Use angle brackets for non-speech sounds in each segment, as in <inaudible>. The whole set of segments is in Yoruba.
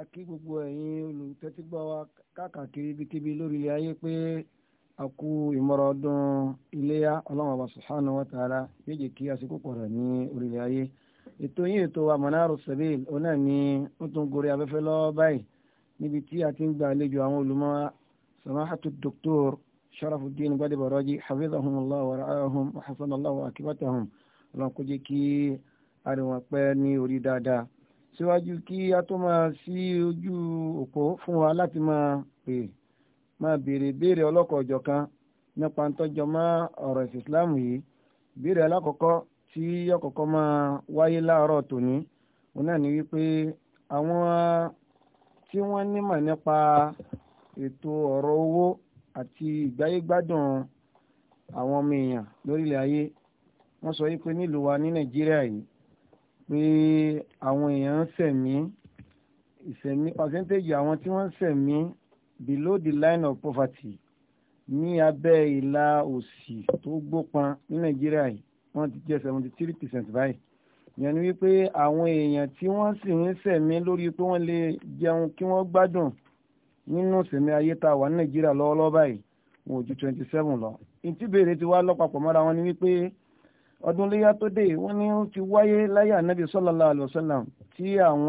akí gbogbo ẹ̀yin olùtẹ́tígbọ́ wa káàkiri ibikíbi lórílẹ̀ ayé pé a kú ìmọ̀ràn ọdún iléyà ọlọ́run ọba subhanahu wa ta'ala yóò jẹ́ kí àsìkò pọ̀ rẹ̀ ní orílẹ̀ ayé ètò yìí ètò amọ̀nàrò sẹ́bìl ọ̀nà ni ó tún gorí afẹ́fẹ́ lọ báyìí níbi tí a ti ń gba àlejò àwọn olùmọ̀ samahatu doctor sharafuddin gbadebaraji hafizahumullah wa ra'ahum wa hasanallahu akibatahu ọlọ́run kó jẹ́ kí àríwọ̀n pẹ́ ní orí dáadáa síwájú kí a tó máa sí ojú òpó fún wa láti máa pè máa béèrè béèrè ọlọ́kọ̀ ọ̀jọ̀ kan nípa ntọ́jọ́ mọ́ ọ̀rọ̀ ẹ̀sìn islam yìí béèrè alákọ̀ọ́kọ́ tí ọkọ̀ọ̀kọ́ máa wáyé láàárọ̀ tòní òun náà ni wípé àwọn tí wọ́n nímọ̀ nípa ètò ọ̀rọ̀ owó àti ìgbáyégbádùn àwọn ọmọ èèyàn lórílẹ̀ ayé wọ́n sọ wípé nílùú wa ní nàìjíríà yìí pé àwọn èèyàn ń sẹ̀mí ìsẹ̀mí percentage àwọn tí wọ́n ń sẹ̀mí below the line of poverty ní abẹ́ ìlà òsì tó gbópọn ní nàìjíríà yìí wọ́n ti jẹ́ seventy three percent báyìí ìyẹn ni wípé àwọn èèyàn tí wọ́n sì ń sẹ̀mí lórí pé wọ́n lè jẹun kí wọ́n gbádùn nínú sẹ̀mí ayé tá a wà ní nàìjíríà lọ́wọ́lọ́wọ́ báyìí wọn ò ju twenty seven lọ. ìtìbéèrè ti wá lọ́pàpọ̀ mọ́ra wọn ni wípé ọdún léyà tó dé wọ́n ní ó ti wáyé láyé ànábì sallallahu alaihi wasallam tí àwọn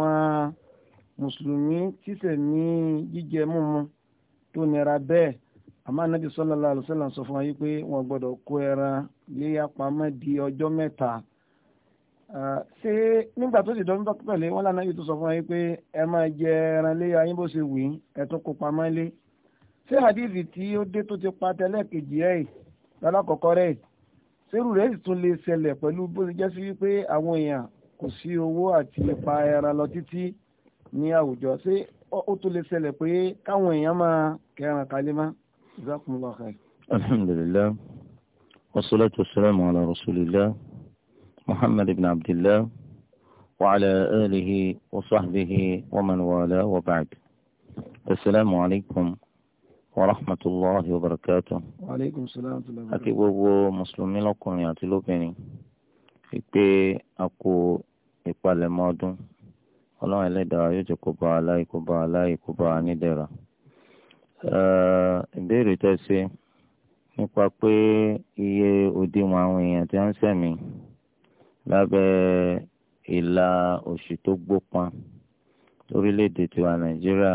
mùsùlùmí tìsẹ̀mí jíjẹ múmu tó nira bẹ́ẹ̀ àmọ́ ànábì sallallahu alaihi wasallam sọ fún wa yìí pé wọ́n gbọ́dọ̀ kó ẹran léyà pamọ́ di ọjọ́ mẹ́ta ṣé nígbà tó sì dọ́n bọ́ pẹ̀lẹ́ wọn lánàá yìí tó sọ fún wa pé ẹ máa jẹ ẹran léyà yín bó ṣe wù yín ẹ tó kó pamọ́ lé ṣé hadithi tí ó dé tó ti pa tẹ́lẹ̀ kejì ẹ̀ lálákọ̀ọ́kọ́ rẹ̀ sírù rẹ̀ sì tún lè ṣẹlẹ̀ pẹ̀lú bó ṣe jẹ́ sí wípé àwọn èèyàn kò sí owó àti ipa ẹran lọ títí ní àwùjọ ṣé ó tún lè ṣẹlẹ̀ pé káwọn èèyàn máa kẹran kalẹ̀ mọ́ ìzákùnlọ́ ọ̀hẹ́. alhamdulilayi wasalaatu wasalaamu ala rasulillah muhammad ibn abdillah wa ala alihi wa sahbihi wa man wa ba'd asalaamu alaykum warahmatulahi wabarakatuh. waaleykum salaam wa rahmatulah. àti gbogbo mùsùlùmí lọ́kùnrin àti lóbìnrin ìpè àkó ìpalẹ̀mọ́ ọdún ọlọ́run ẹlẹ́dàá yóò jẹ́ kó bá wa láyé kó bá wa láyé kó bá wa nídẹ̀ra. ìbéèrè tẹ́ ṣe nípa pé iye òdiwọ̀n àwọn èèyàn tí wọ́n ń ṣẹ̀mí lábẹ́ ìlà òṣì tó gbópọn lórílẹ̀‐èdè tiwa nàìjíríà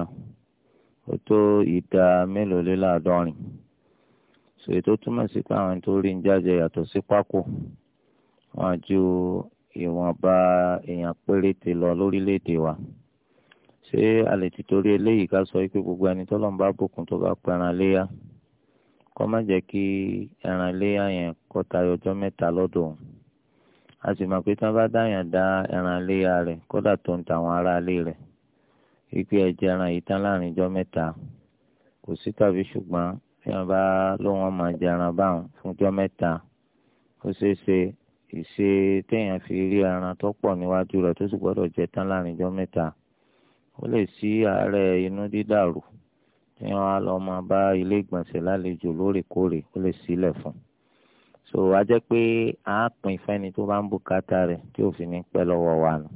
ó tó ìdá mélòóléláàádọ́rin sèyí tó túmọ̀ sí pé àwọn tó rí ń jáde yàtọ̀ sí pákó wọn ju ìwọ̀nba èèyàn péréte lọ lórílẹ̀‐èdè wa ṣé a lè ti torí eléyìí ká sọ pé gbogbo ẹni tó lọ́nba bùkún tó bá pẹran léyà kó má jẹ́ kí ẹran léyà yẹn kó tayọ ọjọ́ mẹ́ta lọ́dọ̀ òun a sì mọ̀ pé tí wọ́n bá dáyàn dá ẹran léyà rẹ̀ kódà tó ń ta àwọn aráalé rẹ̀ wípé ẹ̀jẹ̀ ẹran yìí tán láàrin ijọ́ mẹ́ta kò sí tàbí ṣùgbọ́n tí wọ́n bá ló wọ́n máa jẹ ẹran báwọn fún ijọ́ mẹ́ta ó ṣeé ṣe ìṣe téèyàn fi rí ẹran tó pọ̀ níwájú rẹ̀ tó sì gbọ́dọ̀ jẹ tán láàrin ijọ́ mẹ́ta ó lè sí àárẹ̀ inú dídàrú tí wọ́n á lọ máa bá ilé ìgbọ̀nsẹ̀ lálejò lóòrèkóòrè ó lè sílẹ̀ fún so a jẹ́ pé a pín fẹ́ni tó bá ń bùkátà rẹ̀ tí òfin ní pẹ́ lọ́wọ́ wa nù.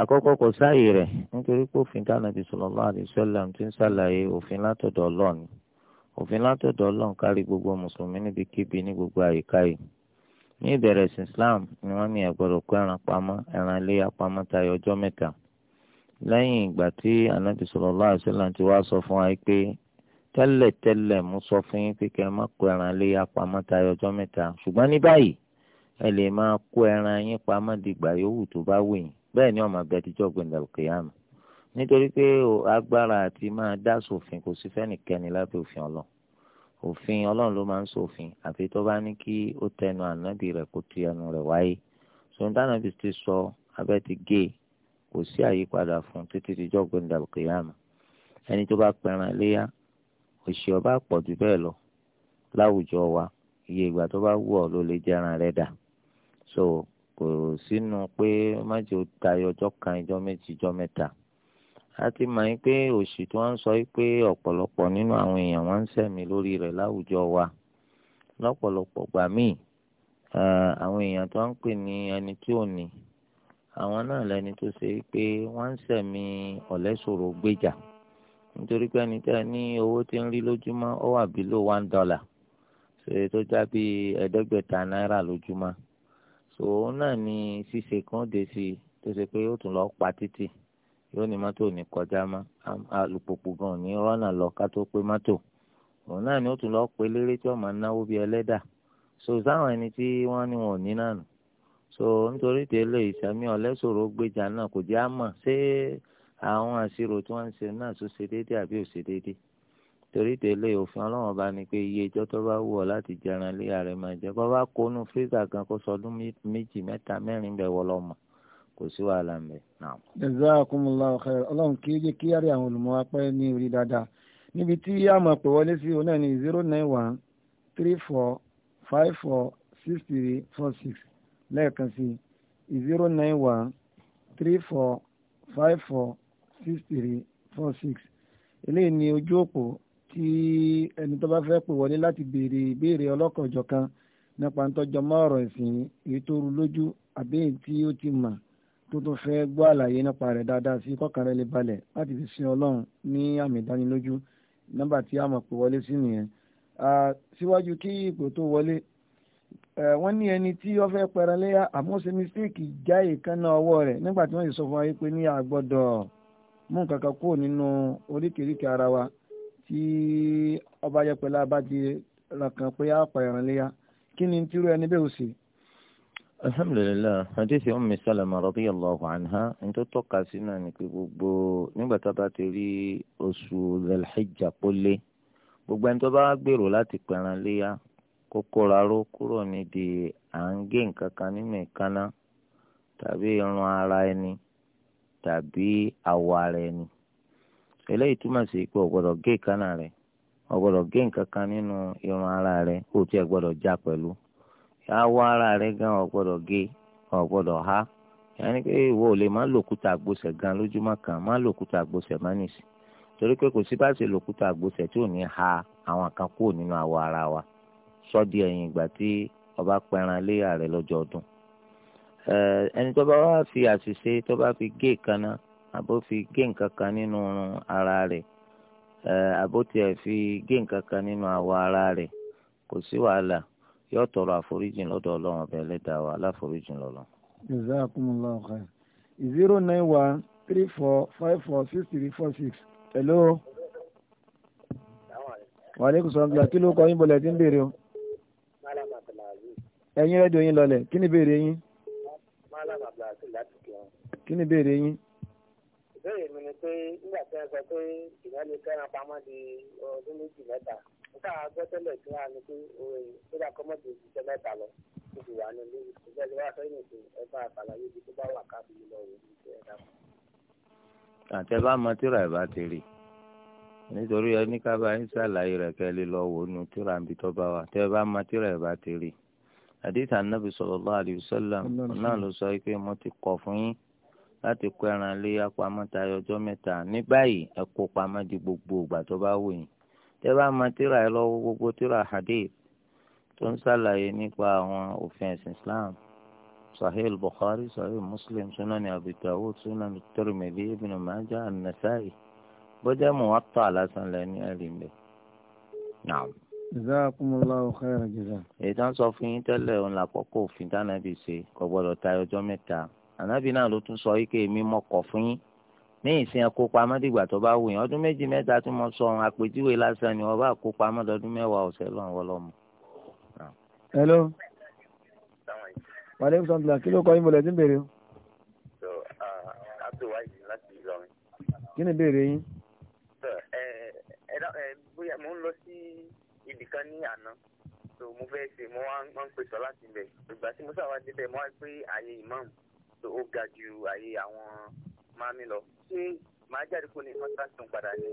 àkọ́kọ́ kò sáàyè rẹ̀ nítorí pé òfin tánàbí sallallahu alaihi wasallam ti ń ṣàlàyé òfin látọ̀dọ̀ Ọlọ́run òfin gbogbo mùsùlùmí níbikíbi ní gbogbo àyíká yìí ní Islam ni wọ́n ní ẹ kó ẹran pamọ́ ẹran ilé apamọ́ tayọ ọjọ́ mẹ́ta lẹ́yìn ìgbà sọ fún wa pé tẹ́lẹ̀ bẹ́ẹ̀ ni ọmọ abẹ tíjọ́ gbẹ̀ndẹ̀ kìyàmù nítorí pé agbára àti máa dá sófin kò sí fẹ́nìkẹ́ni lábẹ́ òfin ọlọ́run òfin ọlọ́run ló máa ń sòfin àfi tó bá ní kí ó tẹnu ànábì rẹ̀ kó tu ẹnu rẹ̀ wáyé sọ̀ńtánà bí ti sọ abẹ́ ti gé e kò sí àyípadà fún títí tíjọ́ gbẹ̀ndẹ̀ kìyàmù ẹni tó bá pẹran léyà òṣì ọba pọ̀ jù bẹ́ẹ̀ lọ láwùjọ wa iye ìgbà tó bá wù ọ́ ló lè rẹ̀ dà so kò sínú pé májò tayọ ọjọ́ kan ìjọ méjì ìjọ mẹ́ta a ti mọ̀ yín pé òṣì tí wọ́n ń sọ yín pé ọ̀pọ̀lọpọ̀ nínú àwọn èèyàn wọ́n ń sẹ̀mí lórí rẹ̀ láwùjọ wa lọ́pọ̀lọpọ̀ gbà míì àwọn èèyàn tó ń pè ní ẹni tí ò ní àwọn náà lẹni tó ṣe pé wọ́n ń sẹ̀mí ọ̀lẹ́sòro gbéjà nítorí pé ẹni tẹ́ ní owó tí ń rí lójúmọ́ ó wà bí ló one dollar ṣe tó já bí ẹ̀ẹ́dẹ́gbẹ̀ta náírà lójúmọ́ so òun náà ni ṣíṣe kan dé sí tó ṣe pé ó tún lọ pa títì yóò ní mọ́tò ní kọjá mọ́ alùpùpù gan ní rọ́nà lọ ká tó pé mọ́tò òun náà ni ó tún lọ pe léré tí ọmọ náwó bíi ẹlẹ́dà so sáwọn ẹni tí wọ́n ní wọn ò ní so nítorí tẹ́lẹ̀ ìsàmì ọ̀lẹ́sọ̀rọ̀ gbéjà náà kò jẹ́ àmọ̀ ṣé àwọn àṣírò tí wọ́n ń ṣe náà tó ṣe àbí ò ṣe torí tẹ̀lé òfin ọlọ́run bá ní pé iye ìjọ tó bá wù ọ́ láti jẹran lé ààrẹ máa jẹ bọ́ bá kónú fírísà kan kó sọdún méjì mẹ́ta mẹ́rin bẹ̀ wọ́ lọ́mọ kò sí wàhálà ń bẹ̀. jazakumullahu khairan ọlọ́run kì í jẹ́ kí àárẹ̀ àwọn olùmọ̀ apẹ́ ní orí dáadáa níbi tí a pè wọlé sí òun náà ní zero nine one three four five four six three four six lẹ́ẹ̀kan sí zero nine one three four five four six three four six eléyìí ni ojú òpó tí ẹni tó bá fẹ́ pè wọlé láti béèrè ìbéèrè ọlọ́kanòjọ̀kan nípa ntọ́jọ́ mọ́ ọ̀rọ̀ ìsìn èyí tó rú lójú àbí èyí tí ó ti mà tó tó fẹ́ gbọ́ àlàyé nípa rẹ̀ dáadáa sí kọ́kàn rẹ̀ lè balẹ̀ láti fi sin ọlọ́run ní àmì ìdánilójú nọ́mbà tí a mọ̀ pé wọlé sí nìyẹn. síwájú kí ipò tó wọlé wọ́n ní ẹni tí wọ́n fẹ́ pẹran léyà àmọ́ mistake já èékánná ọwọ́ rẹ̀ nígbà tí wọ́n sì sọ fún wa pé ní a mú nǹkan kan kúrò nínú oríkèéríkèé ara wa tí ọba yẹ pẹ̀lú abájí rakan pé á pa ẹran léyà kí ni tírú ẹni bẹ́ẹ̀ ò sí. alhamdulilayi hadith ummi salama radiyallahu anha nítorí tọ́ka sí náà ni pé gbogbo nígbà tá a bá ti rí oṣù zalhijja kó lé gbogbo ẹni tó bá gbèrò láti pẹ̀ran léyà kó kóra ró kúrò nídìí à ń gé nǹkan kan nínú ìkànnà tàbí irun ara ẹni tàbí àwọ̀ ara ẹni. eléyìí túmọ̀ sí pé o gbọ́dọ̀ gé kaná rẹ̀ o gbọ́dọ̀ gé nǹkan kan nínú irun ara rẹ̀ kó o tiẹ̀ gbọ́dọ̀ já pẹ̀lú awọ ara rẹ̀ gan o gbọ́dọ̀ gé o gbọ́dọ̀ há yẹn ni pé ìwọ ò lè má lòkúta àgbòsẹ̀ gan lójúmọ́ kan má lòkúta àgbòsẹ̀ má nìsí torí pé kò sí bá ṣe lòkúta àgbòsẹ̀ tí ò ní ha àwọn kan kúrò nínú awọ ara wa sọ́ọ́dì ẹ̀yìn ìgbà tí ọba pẹran léyà rẹ̀ lọ́jọ́ ọdún ẹni tó bá wá fi àṣìṣe tó bá fi gé ìkànnà àbó fi gé nǹkan kan nínú ara rẹ̀ àbó tiẹ̀ fi gé nǹkan kan nínú àwọ̀ ara rẹ̀ kò sí wàhálà yóò tọrọ àforíjìn lọ́dọ̀ ọlọ́run ọbẹ̀ ẹlẹ́dàá wa aláforíjìn lọ́lọ́. jazakumullahu khair zero nine one three four five four six three four six hello. wàlẹ́kùn sọ̀rọ̀ kí ló kọ́ yín bọ̀lẹ̀ tí ń béèrè o. ẹ̀yin rẹ́díò yín lọlẹ̀ kí ni béèrè yín. kí ni béèrè yín pé nígbà tí wọ́n sọ pé ìyá lè kẹ́ran pamọ́ di ọdún méjì mẹ́ta nígbà gbẹ́sẹ̀lẹ̀ tí wọ́n á ní pé nígbà kọ́mọ́dé ìṣiṣẹ́ mẹ́ta lọ ó ti wà nínú ìṣiṣẹ́ tí wọ́n á sẹ́yìn sí ẹgbẹ́ àtàlàyé ibi tó bá wà káàkiri lọ òun ti ẹ̀ dá. àtẹ̀bá mọ tíra ẹ̀ bá ti rí nítorí ẹni ká bá ń ṣàlàyé rẹ̀ kẹ́lẹ́ lọ wò nù tíra ń bi tó bá wà tẹ́ bá mọ tíra ẹ̀ bá ti rí àdìtà nàbì sallallahu alaihi wasallam náà ló sọ pé mo ti kọ̀ fún yín láti kó ẹran lé apamọ́ tayọ ọjọ́ mẹ́ta ní báyìí ẹ kó pamọ́ di gbogbo ìgbà tó bá wù yín tẹ bá ma tíra ẹ lọ́wọ́ gbogbo tíra hadith tó ń ṣàlàyé nípa àwọn òfin ẹ̀sìn Islam sahih Bukhari sahih Muslim sunani Abi Dawud sunani Tirmidhi Ibn Majah An-Nasa'i bọ́jà Muwatta lásán lẹ́ni ẹ̀rí ń bẹ̀. naam. jazakumullahu èyí tán sọ fún yín tẹ́lẹ̀ òun làkọ́kọ́ òfin tánàbì ṣe kò gbọ́dọ̀ tayọ ọjọ́ mẹ́ta ànábì náà ló tún sọ wípé èmi mọ kọ̀ fún yín ní ìsìn ẹkó pamọ́ dìgbà tó bá wù yín ọdún méjì mẹ́ta tí mo sọ ohun àpèjúwe lásán ni wọ́n bá kó pamọ́ dọdún mẹ́wàá ọ̀sẹ̀ lọ́wọ́ lọ́mọ. hello wàlẹ́kùn sọ̀tìlá kí ló kọ́ yín bọ̀lẹ̀ tí ń bèrè o. Uh, kí ni ìbéèrè yín. Eh, eh, eh, bóyá mo ń lọ sí ibì kan ní àná tó mo fẹ́ ṣe mo wá ń pèsè láti ibẹ̀ ìgbà tí mo sáwá débẹ̀ mo wá pé àyè ìmáàmù so ó ga ju àyè àwọn mami lọ ṣé màá jáde kó ní mọ́tíláṣí tó ń padà ní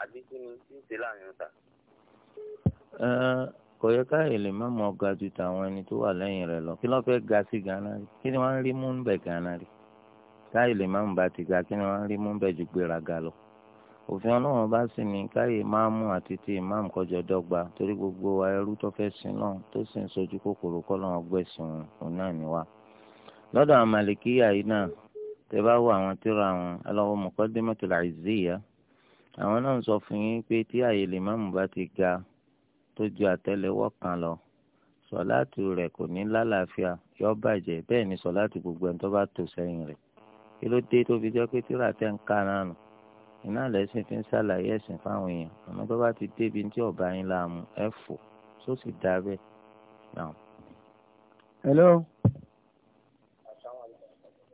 àbí kí ni tí ń ṣe láàrin ọ̀tà. kò yẹ káyọ̀ lè má mọ ọ̀gá ju tàwọn ẹni tó wà lẹ́yìn rẹ̀ lọ kí ló fẹ́ ga sí gánà rí kí ni wọ́n ń rí mú ń bẹ̀ gánà rí káyọ̀ lè má ń ba ti ga kí ni wọ́n ń rí mú ń bẹ̀ ju gbéraga lọ òfin ọlọ́run bá sì ní káyè máàmù àti ti ìmáàmù kọjọ dọ́gba torí gbogbo wa ẹrú tó fẹ́ sin náà tó sì ń sojú kòkòrò kọ́ lọ́dọ̀ àwọn màlìkíyà yìí náà tẹ bá wo àwọn tí ra àwọn aláwọ̀ Muqaddimatul Izziyya àwọn náà ń sọ fún yín pé tí àyè lè má mú bá ti ga tó ju àtẹ́lẹwọ́ kan lọ sọ̀láàtì rẹ̀ kò ní lálàáfíà yọ bàjẹ́ bẹ́ẹ̀ ni sọ̀láàtì gbogbo ẹni tó bá tò sẹ́yìn rẹ̀ kí ló dé tó fi jẹ́ pé tíra tẹ́ ń ká náà nù iná lẹ́sìn fi ń ṣàlàyé ẹ̀sìn fáwọn èèyàn àmọ́ tó bá ti débi tí ọ̀bá yín láàmú ẹ̀ sósì dá bẹ́ẹ̀ hello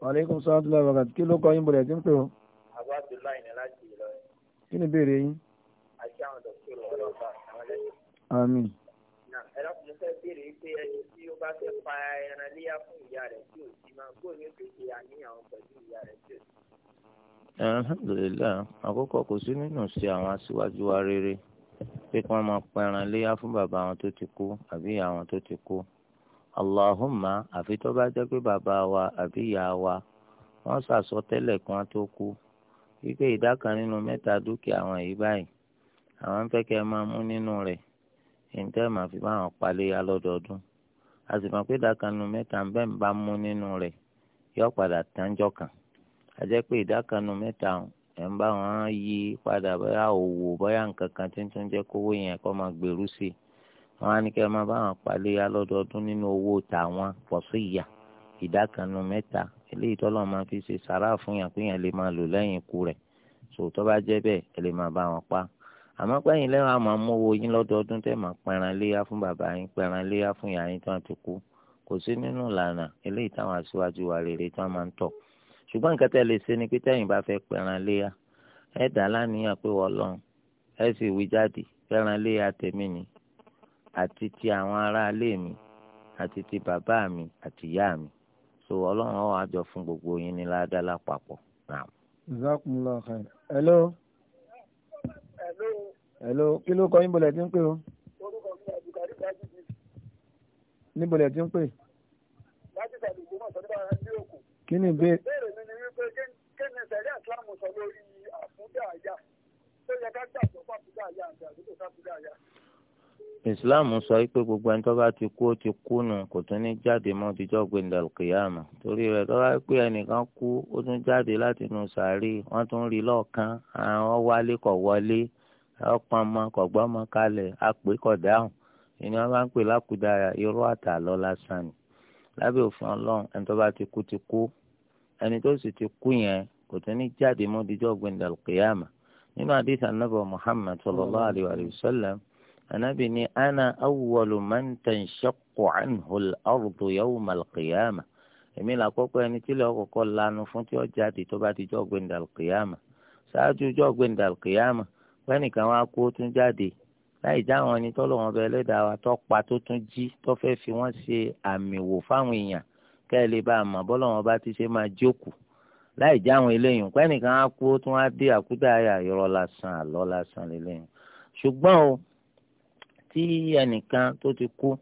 wàlẹ́kùn sọ́ọ́tù lọ́wọ́ kàtí kí ló kọ́ yín bọ̀lẹ̀ tí ń pè ó. àbá abdullahi ni láti ìlọrin. kí ni ìbéèrè yín. àti àwọn dọ̀kítọ̀rọ̀ ọ̀rọ̀ ọ̀gá àwọn ẹlẹ́yìn. àmín. ẹ̀rọ kò fẹ́ béèrè pé ẹni tí ó bá fẹ́ pa ẹran léyà fún ìyá rẹ̀ tí ò sí máa gbóòní ó fèsì àníyàn pẹ̀lú ìyá rẹ̀ tí ò sí. alhamdulilayi àkókò kò sí nínú sí àwọn aṣíwájú wa rere pé kí wọ́n máa pẹran léyà fún bàbá àwọn tó ti kú àbí àwọn tó ti kú allahumma àfi tó bá jẹ́ pé bàbá wa àbí ìyá wa wọ́n ṣàsọtẹ́lẹ̀ kan tó kú wípé ìdá kan nínú mẹ́ta dúkìá àwọn yìí báyìí àwọn ń fẹ́ kẹ́ ẹ máa mú nínú rẹ̀ ìǹtẹ́ màá fi báwọn paléyà lọ́dọọdún a sì mọ̀ pé ìdá kan nínú mẹ́ta ń bẹ́ẹ̀ ń bá mú nínú rẹ̀ yóò padà tánjọ́ kan a jẹ́ pé ìdá kan nínú mẹ́ta ẹ̀ ń bá wọn yí padà bóyá òwò bóyá nǹkan kan tí ń tún jẹ́ kówó yẹn kó máa gbèrú sí i wọn á ní kí ẹ máa bá wọn ya lọ́dọọdún nínú owó tàwọn pọ̀sí ìyà ìdá kan nu mẹ́ta eléyìí tọ́lọ́ máa fi ṣe sàrà fún yàn pé yàn lè máa lò lẹ́yìn ikú rẹ̀ sòtọ́ bá jẹ́ bẹ́ẹ̀ ẹ lè máa bá wọn pa àmọ́ pẹ́yìn lẹ́wọ̀n àmọ́ mú owó yín lọ́dọọdún tẹ́ máa pẹran léyà fún bàbá yín pẹran léyà fún yàrá yín tí wọ́n ti kú kò sí nínú ìlànà eléyìí táwọn aṣíwájú wa rere tí máa ń tọ̀ ṣùgbọ́n nǹkan tẹ́ lè ṣe ni pé tẹ́yìn bá fẹ́ pẹran léyà ẹ dà láníyàn pé wọ́n lọ́n ẹ sì wí jáde pẹran léyà tèmi ni àti ti àwọn aráalé mi àti ti bàbá mi àti ìyá mi so ọlọ́run ọ̀ àjọ fún gbogbo yín ní ládàá lápapọ̀ náà. jazakumullahu khair. hello. hello. hello kí ló kọ yín bọ̀lẹ̀ tí ń pè o. orúkọ mi àbùkárí dájú mi. níbo lẹ̀ tí ń pè. láti tàbí ìgbìmọ̀ sọ́dọ̀ àwọn ẹni òkú. kí ni ìbéèrè. ìbéèrè mi ni wípé kí ni sẹ́rí àtìlámù sọ lórí àfúndà àyà tó yẹ ká gbàgbọ́ fún àfúndà àyà àti àdúgbò fún àfúndà àyà. islam sọ pé gbogbo ẹni tó bá ti kú ó ti kú nù kò tún ní jáde mọ́ tíjọ́ gbẹ̀ndà torí rẹ̀ tó bá pé ẹnìkan kú ó tún jáde láti nù sàárè wọ́n tún rí lọ́ọ̀kan àwọn wálé kọ̀ wọlé ọ̀pọ̀ ọmọ kọ̀ gbọ́mọ kalẹ̀ àpè kọ̀ dáhùn ìyẹn wọ́n bá ń pè lákùdára irú lásán ni òfin ẹni tó bá ti kú kò tún ní jáde nínú anabi ni ana awwalu man tanshaqqu anhu al-ardu yawma al-qiyamah èmi là kọ́kọ́ ẹni tí lọ́ọ́ kọ́kọ́ lanu fún tí ó jáde tó bá ti jọ́ gbẹ̀ndà kìyàmà ṣáájú jọ́ gbẹ̀ndà kìyàmà pẹ́nìkan wá kú ó tún jáde láì já àwọn ẹni tọ́lọ́ wọn bẹ ẹlẹ́dàá wa tó pa tó tún jí tó fẹ́ fi wọ́n ṣe àmì wò fáwọn èèyàn kẹ́ ẹ lè bá a mọ̀ bọ́lọ́ wọn bá ti ṣe máa jókòó láì já àwọn eléyìí pẹ́nìkan wá kú ó tún wá dé àkúdà ayà ìrọ̀ lásán àlọ́ lásán lélẹ́yìn ṣùgbọ́n o tí ẹnìkan tó ti kú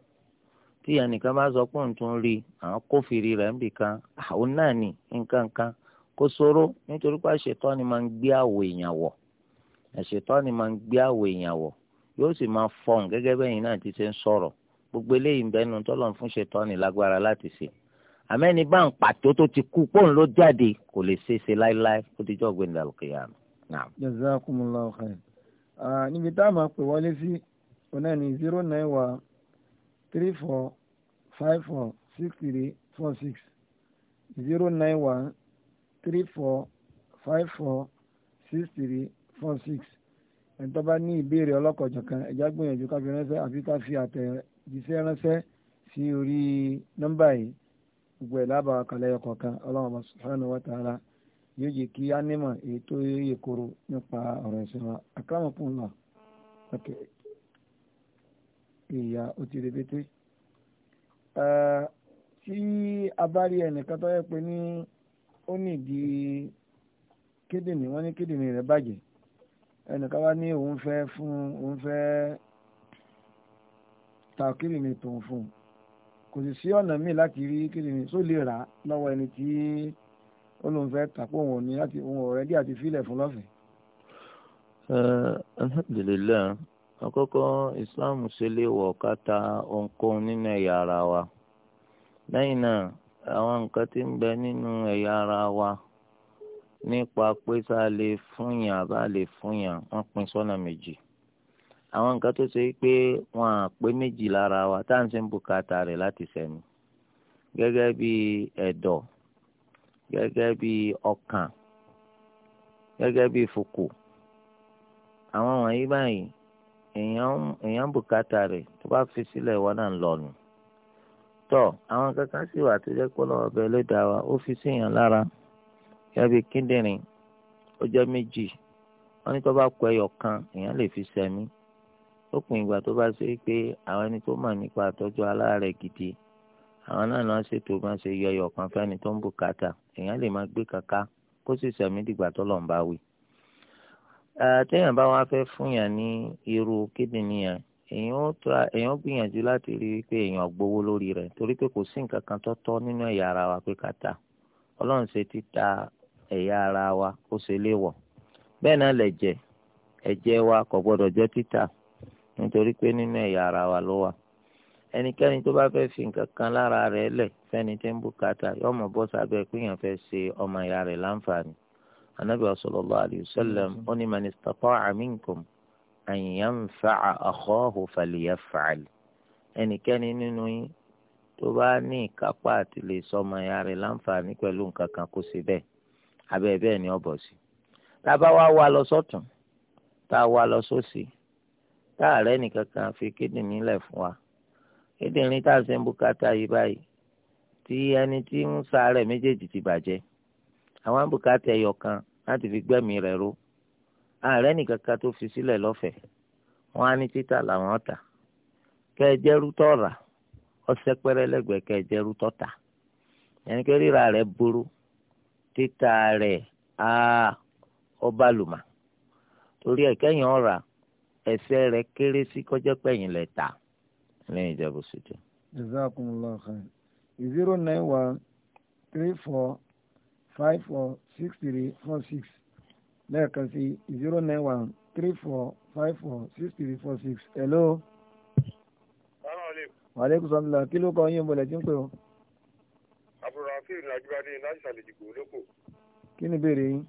tí ẹnìkan bá sọ pé òun tún rí àwọn kófìrí rẹ̀ ń bì kan àwọn náà ní nǹkan kan kó ṣòro nítorí pé àṣetọ́ ni máa ń gbé àwọ̀ èèyàn wọ̀ àṣetọ́ ni máa ń gbé àwọ̀ èèyàn wọ̀ yóò sì máa fọ̀n gẹ́gẹ́ bẹ́yìn náà ti ṣe ń sọ̀rọ̀ gbogbo eléyìí ń bẹnu tọ́lọ̀ fún ṣetọ́ ni lágbára láti ṣe àmẹ́ni bá ń pàtó tó ti kú pọ́n ló jáde kò lè ṣe é ṣe láéláé ó ti jọ́ gbẹ̀ndàlùkìyà náà. jazakumullahu khair níbi táwọn máa pè wọlé sí òun náà ní zero nine one three four five four six three four six zero nine one three four five four six three four six ẹni tó bá ní ìbéèrè ọlọ́kọ̀jọ̀ kan ẹ̀já gbìyànjú ká fi ránṣẹ́ àbí ká fi àtẹ̀jíṣẹ́ ránṣẹ́ sí orí nọ́mbà yìí gbogbo ẹ̀ lábàá kalẹ̀ ọkọ̀ kan ọlọ́run ọba subhanahu wa ta'ala yóò jẹ́ kí ánímọ̀ èyí tó yẹ kóró nípa ọ̀rọ̀ ẹ̀sìn wa akérèmọ̀kùn náà ìyá ó ti rebete tí a bá rí ẹnìkan tó yẹ pé ní ó nìdí kíndìnrín wọn ní kíndìnrín rẹ̀ bàjẹ́ ẹnìkan wá ní òun fẹ́ fún òun fẹ́ ta kíndìnrín tòun fún un kò sì sí ọ̀nà míì láti rí kíndìnrín tó lè rà lọ́wọ́ ẹni tí ó lóun fẹ́ tàpó òun ní láti òun ọ̀rẹ́dí àti fílẹ̀ fún lọ́fẹ̀ẹ́. alhamdulilayi àkọ́kọ́ islam ṣe lè wọ̀ káta nínú ẹ̀yà ara wa lẹ́yìn náà àwọn nǹkan tí ń bẹ nínú ẹ̀yà ara wa nípa pé sá lè fúnyàn bá lè fúnyàn wọ́n pín sọ́nà méjì àwọn nǹkan tó ṣe pé wọn à pé méjì lára wa tá à ń ṣe ń bùkátà rẹ̀ láti sẹ́nu gẹ́gẹ́ bí ẹ̀dọ̀ gẹ́gẹ́ bí ọkàn gẹ́gẹ́ bí fòkò àwọn wọ̀nyí báyìí èèyàn ń bùkátà rẹ̀ tó bá fi sílẹ̀ ìwọ náà ń lọ nù. tọ́ àwọn kankan sì wà tó jẹ́ pé lọ́wọ́ bẹ́ẹ̀ ló dá wa ó fi síyàn lára yẹ́bi kíndìnrín ó jẹ́ méjì wọ́n ní tó bá kọ ẹyọ kan èèyàn lè fi sẹ́mi lópin ìgbà tó bá ṣe pé àwọn ẹni tó mọ̀ nípa àtọ́jú aláàárẹ̀ gidi àwọn náà náà ṣètò bá ṣe yọ ẹyọ kan fẹ́ni tó ń bùkátà èèyàn lè má gbé kàkà kó sì sẹ́mi dìgbà tó lọ́n bá wí. téèyàn bá wá fẹ́ fún ní irú kíndìnrín yẹn èèyàn gbìyànjú láti rí i pé èèyàn gbowó lórí rẹ̀ torí pé kò sí nǹkan kan tọ́tọ́ nínú ẹ̀yà ara wa pé ká tà ọlọ́run ṣe títa ẹ̀yà ara wa ó ṣe léèwọ̀ bẹ́ẹ̀ náà lẹ̀jẹ̀ ẹ̀jẹ̀ wa kò gbọ́dọ̀ fi nǹkan kan lára rẹ̀ lẹ̀ fẹ́ni tí ń bùkátà pé èèyàn fẹ́ ṣe ọmọ ìyá rẹ̀ anabi sallallahu alayhi wa sallam ó ní man istata'a minkum an yanfa'a akhahu falyaf'al ẹnikẹ́ni nínú yín tó bá ní ìkápá àti lè sọmọ ìyá rẹ̀ láǹfààní pẹ̀lú nǹkan kan kó ṣe bẹ́ẹ̀ abẹ́ bẹ́ẹ̀ ni ọ̀bọ̀ sí. tá a bá wá wa lọ sọ́tún tá a wá lọ sósì tá a rẹ́ nìkan kan fi kíndìnrín lẹ̀ fún wa kíndìnrín tá a ṣe ń bùkátà yìí báyìí tí ẹni tí ń ṣàárẹ̀ méjèèjì ti bàjẹ́ àwọn àbùkátà ẹyọ kan láti fi gbẹ̀mí rẹ̀ ró ààrẹ nìkan kan tó fi sílẹ̀ lọ́fẹ̀ẹ́ wọn á ní títà làwọn tà ọra tọ̀rà ọsẹ pẹrẹ lẹ́gbẹ̀ẹ́ kẹjẹrú tọ̀tà yẹn kí rírà rẹ̀ burú títà rẹ̀ á ọba lùmà torí ẹ kẹyìn ọ̀rà ẹsẹ rẹ̀ kéré sí kọjá tà five four six three four six lẹ́ẹ̀kan sí zero nine one three four five four six three four six hello. wàlẹ́kùn sọ́mìlà kí ló kọ́ yín bọ̀lẹ̀ tí ń pè ọ́. àbúrò àfihàn ní ajúbádé láti ṣàlejò gbòó lóko. kí ni ìbéèrè yín.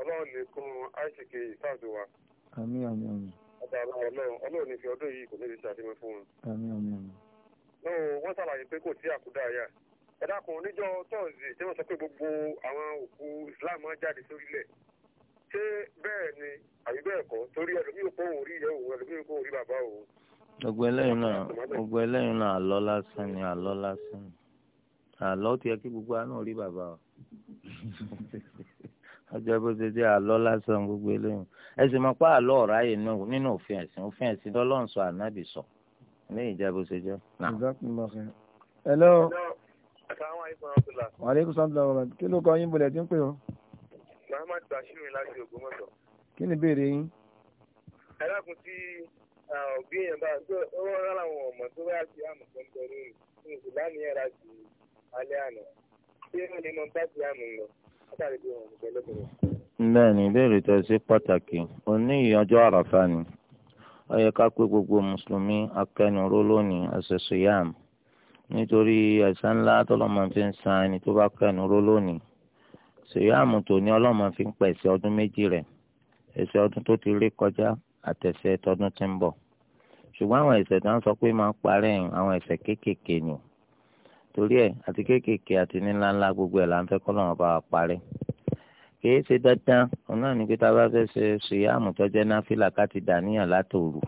ọlọ́run lè kún àìsèké ìsáàdù wa. àmín àmín àmín. ọba ọlọ́run ọlọ́run ní fi ọdún yìí kò ní lè ṣàfihàn fún wọn. àmín àmín àmín. náà wọ́n ṣàlàyé pé kò sí àkúdàáyà ẹ dákun níjọ́ tọ́ọ̀sì tí wọ́n sọ pé gbogbo àwọn òkú islam jáde sórílẹ̀ ṣé bẹ́ẹ̀ ni àbí bẹ́ẹ̀ kọ́ torí ẹlòmíì kò rí ìyẹ́ òun ẹlòmíì kò rí bàbá òun. gbogbo eléyìí náà gbogbo eléyìí náà àlọ́ lásán ni àlọ́ lásán ni àlọ́ ti yẹ kí gbogbo àná rí bàbá wa <laughs> ọjọ́ bó ṣe jẹ́ àlọ́ lásán gbogbo eléyìí ẹ sì máa pa àlọ́ ọ̀rá yìí nínú òfin ẹ̀sìn òfin ẹ̀sìn lọ́lọ́run sọ ànábì sọ ní ìjẹ́ bó ṣe jẹ́. hello wàlẹ́kùn sọ́ńdọ̀ ọ̀rọ̀ kí ló kọ́ yín bọ̀lẹ̀ tí ń pè ọ́. Muhammad Bashiru láti Ògbómọ̀ṣọ́. kí ni ìbéèrè yín. ẹlẹ́kùn tí òbí yẹn bá tó wọ́n rán àwọn ọmọ tó bá ti àmọ̀ tó ń bọ̀ lórí ní ìsìlámù yẹn ra sí alẹ́ àná ṣé wọ́n lè mọ bá ti àmọ̀ lọ látàrí bí wọ́n ṣe lọ́kùnrin. bẹ́ẹ̀ ni ìbéèrè tó ṣe pàtàkì òní ìyànjọ́ àràfà ni ó yẹ ká pé gbogbo mùsùlùmí akẹnuró lónìí àṣẹṣe yáàmù nítorí ẹ̀san ńlá tọ́lọ́mọ fi ń san ẹni tó bá kẹnu ró lónìí sèyáàmù tó ní ọlọ́mọ fi ń pa ẹ̀ṣẹ̀ ọdún méjì rẹ̀ ẹ̀ṣẹ̀ ọdún tó ti rí kọjá àtẹ̀ṣẹ̀ tọdún tí ń bọ̀ ṣùgbọ́n àwọn ẹ̀ṣẹ̀ tó ń sọ pé máa ń parẹ́ àwọn ẹ̀ṣẹ̀ kéékèèké ni torí ẹ̀ àti kéékèèké àti níláńlá gbogbo ẹ̀ là ń fẹ́ kọ́ lọ́wọ́ bá wa parẹ́ kìí ṣe dandan òun náà ní pé tá ṣe sèyáàmù tó jẹ́ náfìlà ká dàníyàn látòrù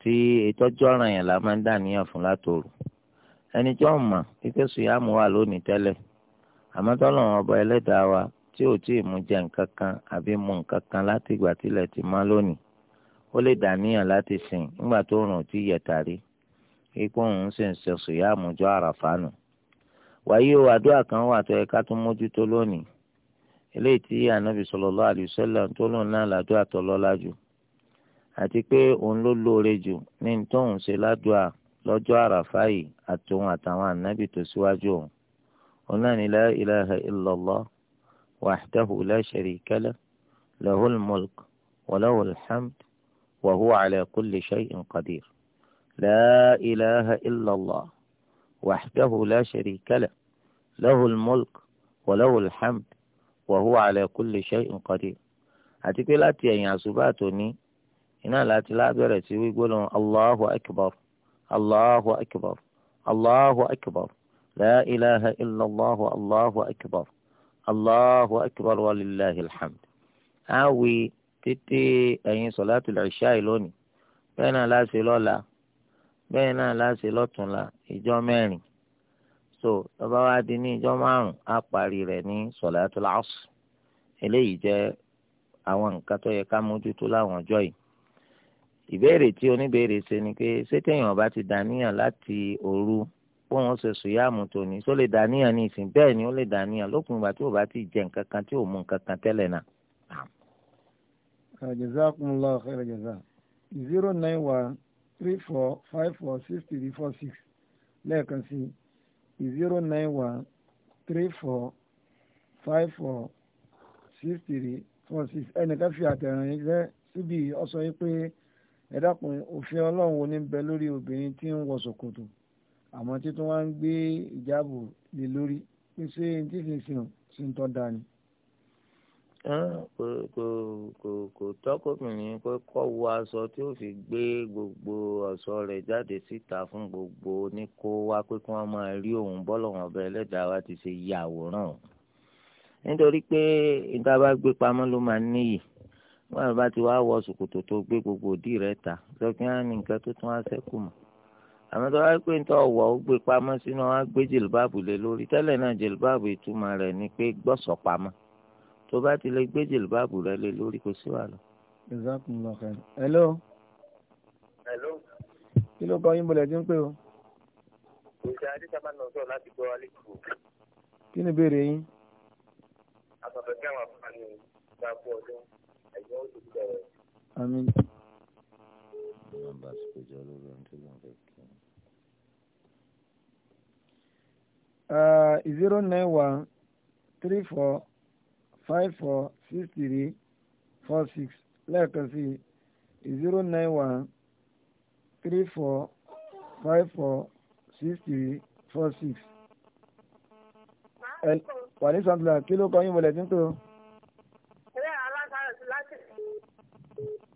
tí ètò ọjọ́ ọ̀ràn yẹn la máa ń dàníyàn fún látòrù ẹni tí wọ́n mọ̀ kíkẹ́ sùyàmù wà lónìí tẹ́lẹ̀ àmọ́ ọba ẹlẹ́dàá wa tí ò tí ì mú jẹ nǹkan kan àbí mu nǹkan kan láti ìgbà tilẹ̀ ti mọ́ lónìí ó lè dàníyàn láti sìn nígbà tó rùn tí yẹ tàrí ipò òun sì ń ṣe sùyàmù jọ àràfà wàyí o àdúrà kan wà tó yẹ ká tún mójútó lónìí eléyìí tí ànábì sallallahu alaihi wasallam tó lòun náà làdúrà tó lọ́lá jù àti pé òun ló lóore jù ní tóun ṣe ládùúà lọ́jọ́ àràfá yìí àtòun àtàwọn ànábì tó síwájú òun òun náà ní la ilaha illallah wahdahu la sharika lah lahul mulk wa lahul hamd wa huwa ala kulli shay'in qadir la ilaha illallah wahdahu la sharika lah lahul mulk wa lahul hamd wa huwa ala kulli shay'in qadir àti pé láti ẹ̀yìn àṣùbà tó ní iná láti lábẹ́rẹ̀ sí wígbóná allahu akbar. Allahu akbar Allahu akbar la ilaha illallah Allahu akbar Allahu akbar walillahi alhamd. àwì títí ẹ̀yìn sọ̀látù ìṣá lónìí bẹ́ẹ̀ náà láti lọ́la bẹ́ẹ̀ náà láti lọ́túnla ìjọ mẹ́rin so tọ́ba wa di ní ìjọ márùn á parí rẹ̀ ní sọ̀látù lásù eléyìí jẹ́ àwọn nǹkan tó yẹ ká mójútó láwọn ọjọ́ yìí ìbéèrè tí oníbéèrè ṣe ni pé ṣé téèyàn bá ti dàníyàn láti òru bó wọn ṣe sùyàmù tòní ṣó lè dàníyàn ní ìsìn bẹ́ẹ̀ ni ó lè dàníyàn lópin ìgbà tí ò bá ti jẹ nǹkan kan tí ò mú nǹkan kan tẹ́lẹ̀ náà. jazakumullahu khaira jaza zero nine one three four five four six three four six lẹ́ẹ̀kan sí zero nine one three four five four six three four six ẹnìkan fi àtẹ̀ràn yín jẹ́ síbi ọ̀sán yín pé ẹ dákun òfin ọlọ́run wo ni ń bẹ lórí obìnrin tí ń wọ ṣòkòtò àmọ́ títún wá ń gbé ìjáàbò lé lórí ṣé tí kì í sìn sí ń tọ́ da ni. kò kò kò tọkọbìnrin pé kọ́ wọ aṣọ tí ó fi gbé gbogbo ọ̀ṣọ́ rẹ̀ jáde síta fún gbogbo oníkó wá pé kí wọ́n máa rí òun bọ́lọ̀ wọn bẹ́ẹ̀ wa ti ṣe yí nítorí pé ìta bá gbé pamọ́ ló máa níyì wọn bá ti wá wọ ṣòkòtò tó gbé gbogbo òdì rẹ̀ ta sọ kí wọn ní nǹkan tó tún wá ṣẹ́kù mọ́ àmọ́ tó wá pé ń tọ́ wọ̀ ó gbé pamọ́ sínú wọn á gbé jìlbáàbù lé lórí tẹ́lẹ̀ náà jìlbáàbù ìtumọ̀ rẹ̀ ni pé gbọ́sọ̀ pamọ́ tó bá ti lè gbé jìlbáàbù rẹ̀ lé lórí kò sí wàhálà. Jazakumullahu khairan. hello. hello. kí ló kọ yín bọ̀lẹ̀ tí ń pè o. òṣìṣẹ́ adéṣàbá náà sọ̀rọ̀ láti gbọ́ wálé kù. kí ni ìbéèrè yín. àtọ̀tọ̀ kí àwọn àfúnà ìgbà Àmín. Uh, zero nine one three four five four six three four six lẹ́ẹ̀kan sí zero nine one three four five four six three four six. wà ní sàǹtìlà kí ló kọ́ yín wọlé tí ń tó.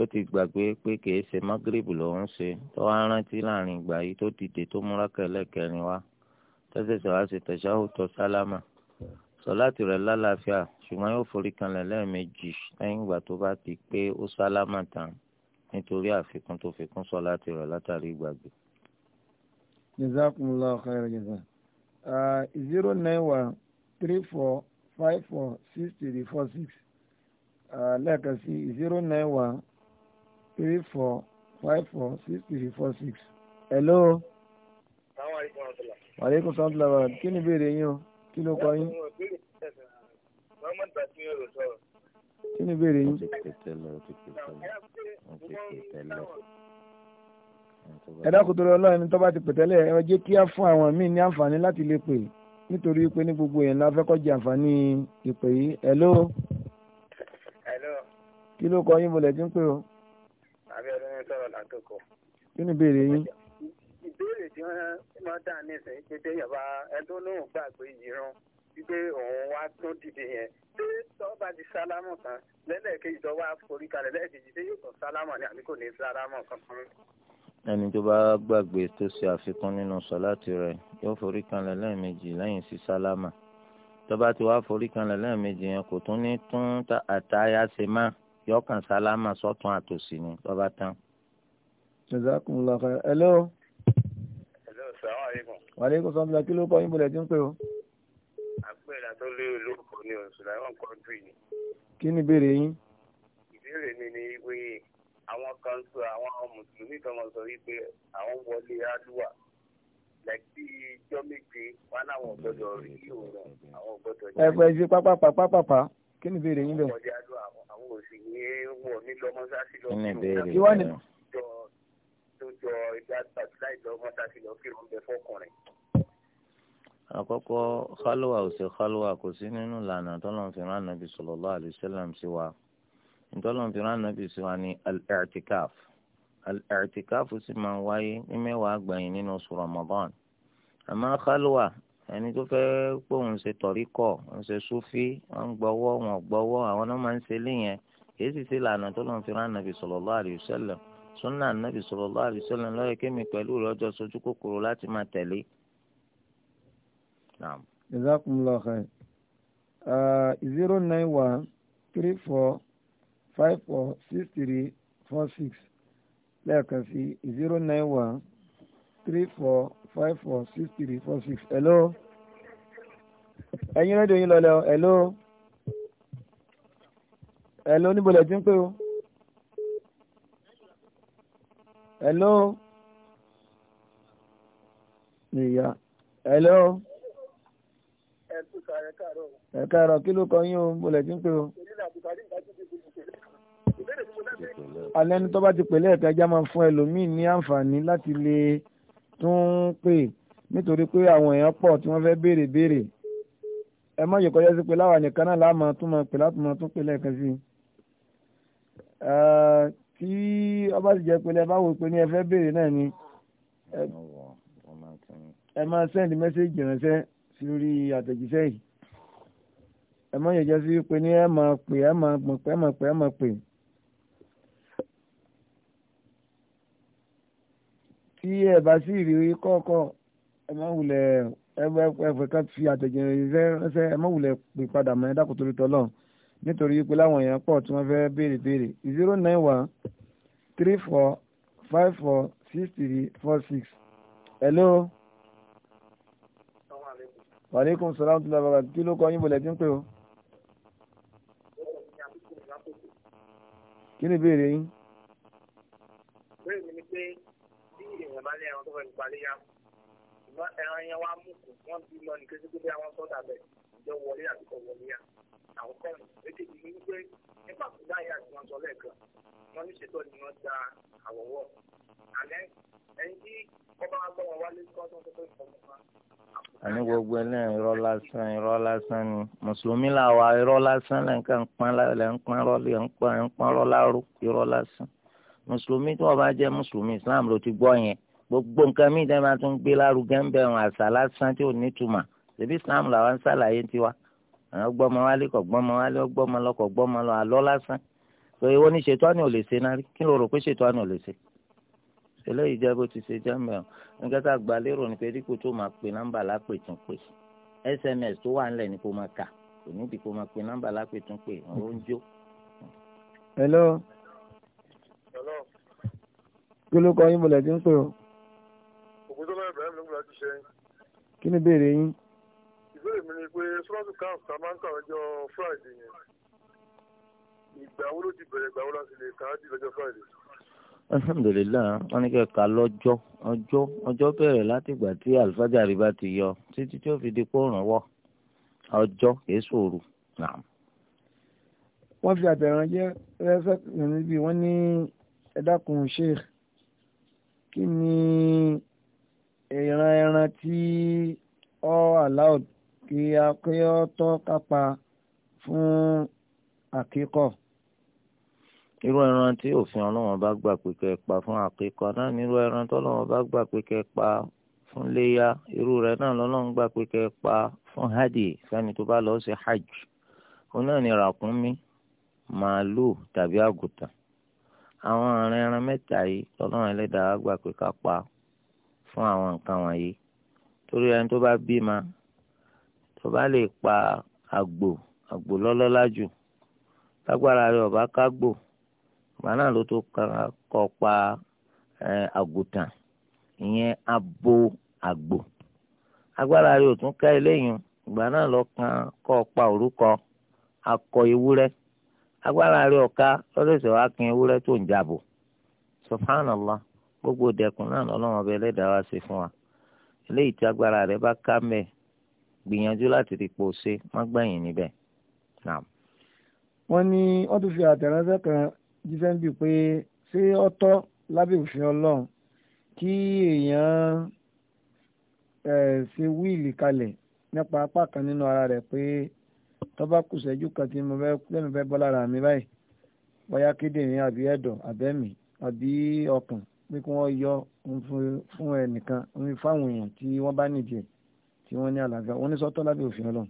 tó ti gbàgbé pé kìí ṣe mọ́gírìbù lòún ṣe tó wá rántí láàrin ìgbà yìí tó dìde tó múra kẹlẹ́kẹrin wá tẹ́sẹ̀sẹ̀ wá ṣe tẹ̀síáhù tó sálámà sọláàtì rẹ̀ lálàáfíà ṣùgbọ́n yóò forí kanlẹ̀ lẹ́ẹ̀mejì lẹ́yìn ìgbà tó bá ti pé ó sálámà tán nítorí àfikún tó fi kún sọláàtì rẹ̀ látàrí ìgbàgbé. jazakumullahu khairan jaza zero nine one three four five four six three four six lẹ́ẹ̀kan sí zero nine one three four five four six three four six. hello. wàlẹ́kùn sọ́ńtìlá wa kí ni ìbéèrè yín o kí ló kọ yín. kí ni ìbéèrè yín. ẹ dákun tó lọ lọ́wọ́ ẹni tó bá ti pẹ̀tẹ́lẹ̀ ẹ jẹ́ kí á fún àwọn míì ní àǹfààní láti lè pè nítorí pé ní gbogbo yẹn la fẹ́ kó jẹ àǹfààní ìpè yìí. hello. hello. kí ló kọ yín bọ̀lẹ̀ tí ń pè o abíọ́dún ní sọ̀rọ̀ látòkọ. kí ni ìbéèrè yín. ìbéèrè tí wọ́n máa dà nísìnyí pé téèyàn bá ẹni tó lóun gbàgbé ìran wípé òun wá tún dìde yẹn pé tọ́ba ti sálámù kan lẹ́lẹ́kejì tó wá forí kalẹ̀ lẹ́ẹ̀kejì tí yóò tún sálámù ni àbí kò ní sálámù kankan. ẹni tó bá gbàgbé tó ṣe àfikún nínú sọláàtì rẹ̀ yóò forí kalẹ̀ lẹ́ẹ̀mejì lẹ́yìn sí sálámà tó bá ti wá forí kalẹ̀ lẹ́ẹ̀mejì yẹn kò tún ní tún àtàyà ṣe máa yọ kàn sálámà sọ́tún àtòsí ni lọ́ba tán. jazakumullahu khairan hello. hello assalamu alaikum. wàlẹ́kùn sọ́ńdúnlá kí ló kọ́ yín bọ̀lẹ̀ tí ń pè ó. àpò ìlà tó lé olóko ni òṣùlá wọn kọ́ dùn yìí. kí ni ìbéèrè yín. ìbéèrè mi ni wí àwọn kan sọ àwọn mùsùlùmí kan mọ sọ wípé àwọn wọlé adúwà lẹ́tí ijọ́ méje wọn náà wọn gbọ́dọ̀ rí òòrùn àwọn gbọ́dọ̀. ẹ kí ni ìbéèrè yín bẹ́ẹ̀. àwọn òsì ní wọn ní lọmọsáàsì lọ kí wọn. kí wọ́n ní. tó jọ ìgbà tàbí láì lọmọsáàsì lọ kí wọn bẹ fọkùnrin àkọ́kọ́ kálọ́wà ò ṣe kálọ́wà kò sí nínú ìlànà tọ́lọ́n fi rán nàbì sallallahu sí wa tọ́lọ́n fi sí wa ní al-i'tikaf al-i'tikaf sì máa ń wáyé ní mẹ́wàá gbẹ̀yìn nínú oṣù Ramadan àmọ́ kálọ́wà ẹni tó fẹ́ pé òun ṣe tọ̀ríkọ̀ òun ṣe súfí wọn gbọ́wọ́ wọn gbọ́wọ́ àwọn náà máa ń ṣe léyìn èyí sì ṣe lànà tó lọ́n fi rán nàbì sallallahu alaihi wasallam súnà nàbì sallallahu alaihi wasallam lọ́yẹ kémi pẹ̀lú ìrọ́jọ́ sojú kòkòrò láti máa tẹ̀lé. jazakumullahu khair uh, zero nine one three four five four six three four six lẹ́ẹ̀kan sí zero nine one three four five four six three four six hello ẹ̀yin rédíò yín lọ́lẹ́ o hello hello níbo lẹ̀ ti ń pè o hello ìyá hello ẹ káàárọ̀ kí ló kọ yín o mo lẹ̀ ti ń pè o. alẹ́ ní tó bá ti pèlè ẹ̀ka ẹja máa fún ẹlòmíì ní àǹfààní láti lè tún pè nítorí pé àwọn èèyàn pọ̀ tí wọ́n fẹ́ béèrè béèrè ẹ má yẹ kọjá sí pé láwa nìkan náà láàmú tún máa pè láti máa tún pè lẹ́ẹ̀kan sí i tí ọba sì jẹ́ pé lẹ́ẹ̀ bá wò pé ní ẹ fẹ́ béèrè náà ni ẹ máa sẹ́ndì mẹ́sẹ́jì ránṣẹ́ sí orí àtẹ̀jíṣẹ́ yìí ẹ má yẹ jẹ́ sí pé ní ẹ máa pè ẹ máa pè ẹ máa pè ẹ máa pè. tí ẹ bá sì rí kọ́kọ́ ẹ má wulẹ̀ ẹfẹ ká fi àtẹ̀jẹ̀ ránṣẹ́ ẹ má wulẹ̀ pè padà mọ́ ẹ dákun torí tọ́lọ́ nítorí pé láwọn èèyàn pọ̀ tí wọ́n fẹ́ béèrè béèrè zero nine one three four five four six three four six hello. wàlẹ́kùn sọ̀rọ̀ àwọn tó kí ló kọ́ yín bọ̀lẹ̀ tí ń pè ó. kí ni ìbéèrè yín. bẹ́ẹ̀ ni pé ní ẹran tó fẹ́ nípa léyà ṣùgbọ́n ẹran yẹn wá mú kù wọ́n bí mọ́ ní kété pé àwọn sọ́dà bẹ̀ ìjọ wọlé àti kọ̀ wọlé yà àwọn kọ́ọ̀nù méjèèjì ní wípé nípa tó dáyà tí wọ́n sọ lẹ́ẹ̀kan wọ́n ní ṣètò ni wọ́n da àwọ̀wọ́ àlẹ́ ẹni tí ọba gbọ́ wọn wálé kọ́ tó tó ìfọ̀mọ́ àní gbogbo ẹ náà irọ́ lásán irọ́ lásán ni mùsùlùmí là wà irọ́ lásán lẹ́ nǹkan pọ́n lẹ́ ń pọ́n rọ́ lẹ́ ń pọ́n rọ́ láró irọ́ lásán mùsùlùmí tó o bá jẹ́ mùsùlùmí islam ló ti gbọ́ yẹn gbogbo nǹkan míì dẹ́ máa tún gbé lárugẹ ń bẹ̀rùn àṣà lásán tí ò nítumọ̀ ṣèbí Islam làwọn ń ṣàlàyé tiwa àwọn ọgbọ́mọ wálé kọ̀ gbọ́mọ wálé ọgbọ́mọ lọ kọ̀ gbọ́mọ lọ àlọ́ lásán tó ewo ní ṣètọ́ni ò lè ṣe náà rí kí ló rò pé ṣètọ́ni ò lè ṣe eléyìí jẹ́ bó ti ṣe jẹ́ mẹ́rin nǹkan tá a gbà lérò ni pé dípò tó máa pe nọ́mbà lápè tún pè sms tó wà nílẹ̀ ni kò máa kà kò níbi kò máa pe nọ́mbà lápè tún pè ọ̀rọ̀ ń jó. hello. kí ló kọ yín mo lẹ̀ ti ń pè ọ́ mo tó kí ni ìbéèrè yín. ìbéèrè mi ni pé sọ́lọ́tù káàpù tá máa ń kà lọ́jọ́ Friday yẹn ìgbà wo ló ti bẹ̀rẹ̀ ìgbà wo láti lè kà á di lọ́jọ́ Friday. alhamdulilayi wọn ní kẹ ká lọ́jọ́ ọjọ́ ọjọ́ bẹ̀rẹ̀ láti ìgbà tí alifájàre bá ti yọ títí tí ó fi di pọ́ọ̀rùn wọ̀ ọjọ́ kìí ṣòro náà. wọ́n fi àtẹ̀rànjẹ́ rẹ́fẹ́ níbi wọ́n ní ẹ dákun sheikh kí ni ìran ẹran tí ọ aláwọ̀ kí a kí ọ tọ kápá fún àkíkọ̀. irú ẹran tí òfin ọlọ́wọ́n bá gbà pé kẹ́ ẹ pa fún àkíkọ̀ náà nírú ẹran tọ́lọ́wọ́n bá gbà pé kẹ́ ẹ pa fún léyà irú rẹ̀ náà lọ́lọ́run gbà pé kẹ́ ẹ pa fún hádì sẹ́ni tó bá lọ́ọ́ ṣe hajj òun náà ni ràkúnmí màálùú tàbí àgùtàn àwọn àrùn ẹran mẹ́ta yìí lọ́lọ́run ẹlẹ́dàá gbà pé ká pa fún àwọn nǹkan wọ̀nyí torí ẹni tó bá ma tó bá lè pa àgbò àgbò lọ́lọ́lá jù lágbára rẹ̀ ọ̀bá kágbò ìgbà náà ló tó kọ pa ìyẹn abo àgbò agbára rẹ̀ ò tún ká eléyìí ìgbà náà lọ kan akọ agbára lọ́dọ̀ ìṣẹ̀wá kan tó gbogbo dẹkùn náà lọ́lọ́run ọbẹ̀ ẹlẹ́dàá wa ṣe fún wa eléyìí tí agbára rẹ bá ká mẹ́ gbìyànjú láti rí pò ṣe má gbẹ̀yìn níbẹ̀. wọ́n ní wọ́n tún fi àtẹ̀ránṣẹ́ kan jíṣẹ́ ń bì pé ṣé ó tọ́ lábẹ́ òfin ọlọ́run kí èèyàn ṣe wíìlì kalẹ̀ nípa apá kan nínú ara rẹ̀ pé tó kù ṣẹ́jú kan tí mo fẹ́ bọ́ lára mi báyìí bóyá kíndìnrín àbí ẹ̀dọ̀ àbẹ́mì àbí ọkàn pé kí wọ́n yọ fún ẹnìkan fáwọn èèyàn tí wọ́n bá nìdí ẹ̀ tí wọ́n ní àlàáfíà wọ́n ní sọ́tọ́ lábẹ́ òfin ọlọ́run.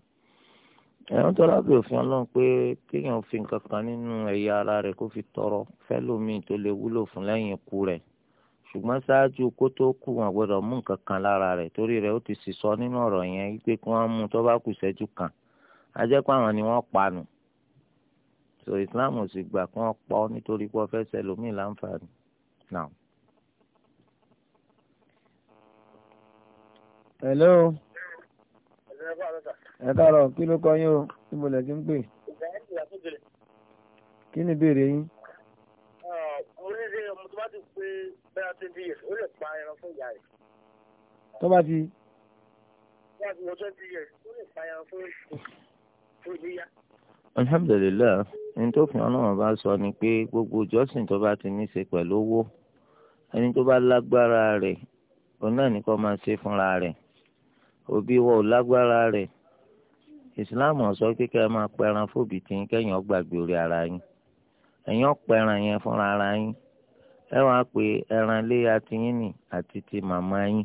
ẹ̀rọ tó lábẹ́ òfin ọlọ́run pé kéèyàn fi nǹkan kan nínú ẹ̀yà ara rẹ̀ kó fi tọrọ fẹ́lòmíì tó lè wúlò fún lẹ́yìn ikú rẹ̀ ṣùgbọ́n ṣáájú kó tó kú wọn gbọ́dọ̀ mú nǹkan kan lára rẹ̀ torí rẹ̀ ó ti sì sọ nínú ọ̀rọ̀ yẹn wípé kí wọ́n mú tó bá kù ṣẹ́jú kan á jẹ́ pé àwọn ni wọ́n panu so Islam ò sì gbà kí wọ́n pọ̀ nítorí pé wọ́n fẹ́ ṣẹlòmíì láǹfààní náà. hello. ẹ káàárọ̀ kí ló kọ yín o níbo lẹ ti ń pè. kí ni ìbéèrè yín. oríṣiríṣi ọmọ tó bá ti pé bẹ́ẹ̀ twenty years ó lè pa ẹran fún ìyá rẹ̀. tó bá ti. tó bá ti wọ twenty years ó lè pa ẹran fún ìyá alhamdulilayi ẹni tó fún ọlọ́run bá sọ ni pé gbogbo ìjọsìn tó bá ti ní ṣe pẹ̀lú owó ẹni tó bá lágbára rẹ̀ òun náà ní kó máa ṣe fúnra rẹ̀ òbí wa ò lágbára islamu ìsìláàmù sọ pé pe ẹ máa pẹran fòbí tí ń kẹ́yìn ọgbàgbé orí ara yín ẹ̀yìn fúnra ara yín ẹ pe ẹran lé atiyín nì àti ti màmá yín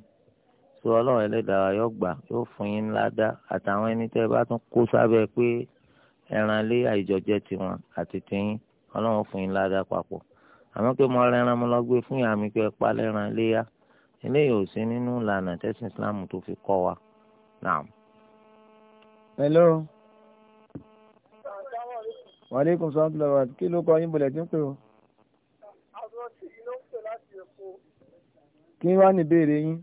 tó ọlọ́run ẹlẹ́dàá yóò gbà yóò fún yín ládàá àtàwọn ẹni tẹ́ bá tún kó sábẹ́ pé ẹran lé àìjọjẹ tiwọn àti tiyín ọlọ́run fún yín papọ̀ àmọ́ pé mo mo lọ gbé fún yàrá mi pé ẹ pa lẹ́ran Islam tó fi kọ́ naam. hello. wàlẹ́kùn sọ́ńtìlá wa kí ló kọ yín bọ̀lẹ̀ tí ń pè o. àwọn tí iná ń pè láti èkó. kí wàá ní ìbéèrè yín.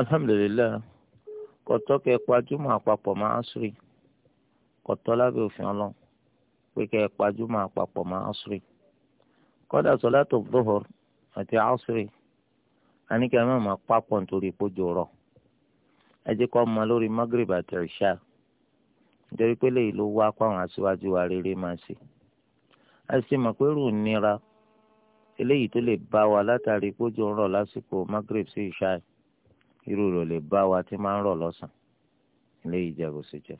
alhamdulilayi kọtọ kẹ kpajúmọ àpapọ̀ máa ń sùn kọ̀tọ́ lábẹ́ òfin ọlọ́run pé kẹ́ ẹ pàjùmọ̀ àpapọ̀ mọ́ asiri kọ́dà sọ látò gbóhor àti asiri àníkẹ́ mọ́ máa papọ̀ nítorí ìpójò rọ̀ ẹ jẹ́ kó mọ lórí magreb àti ìṣá nítorí pé lèyí ló wá pàwọn aṣíwájú wa rere máa ṣe ẹ sì nira eléyìí tó lè bá wa látàrí ìpójò rọ̀ lásìkò magreb sí ìṣá irú rẹ̀ lè bá wa tí máa ń rọ̀ lọ́sàn eléyìí jẹ́ bó ṣe jẹ́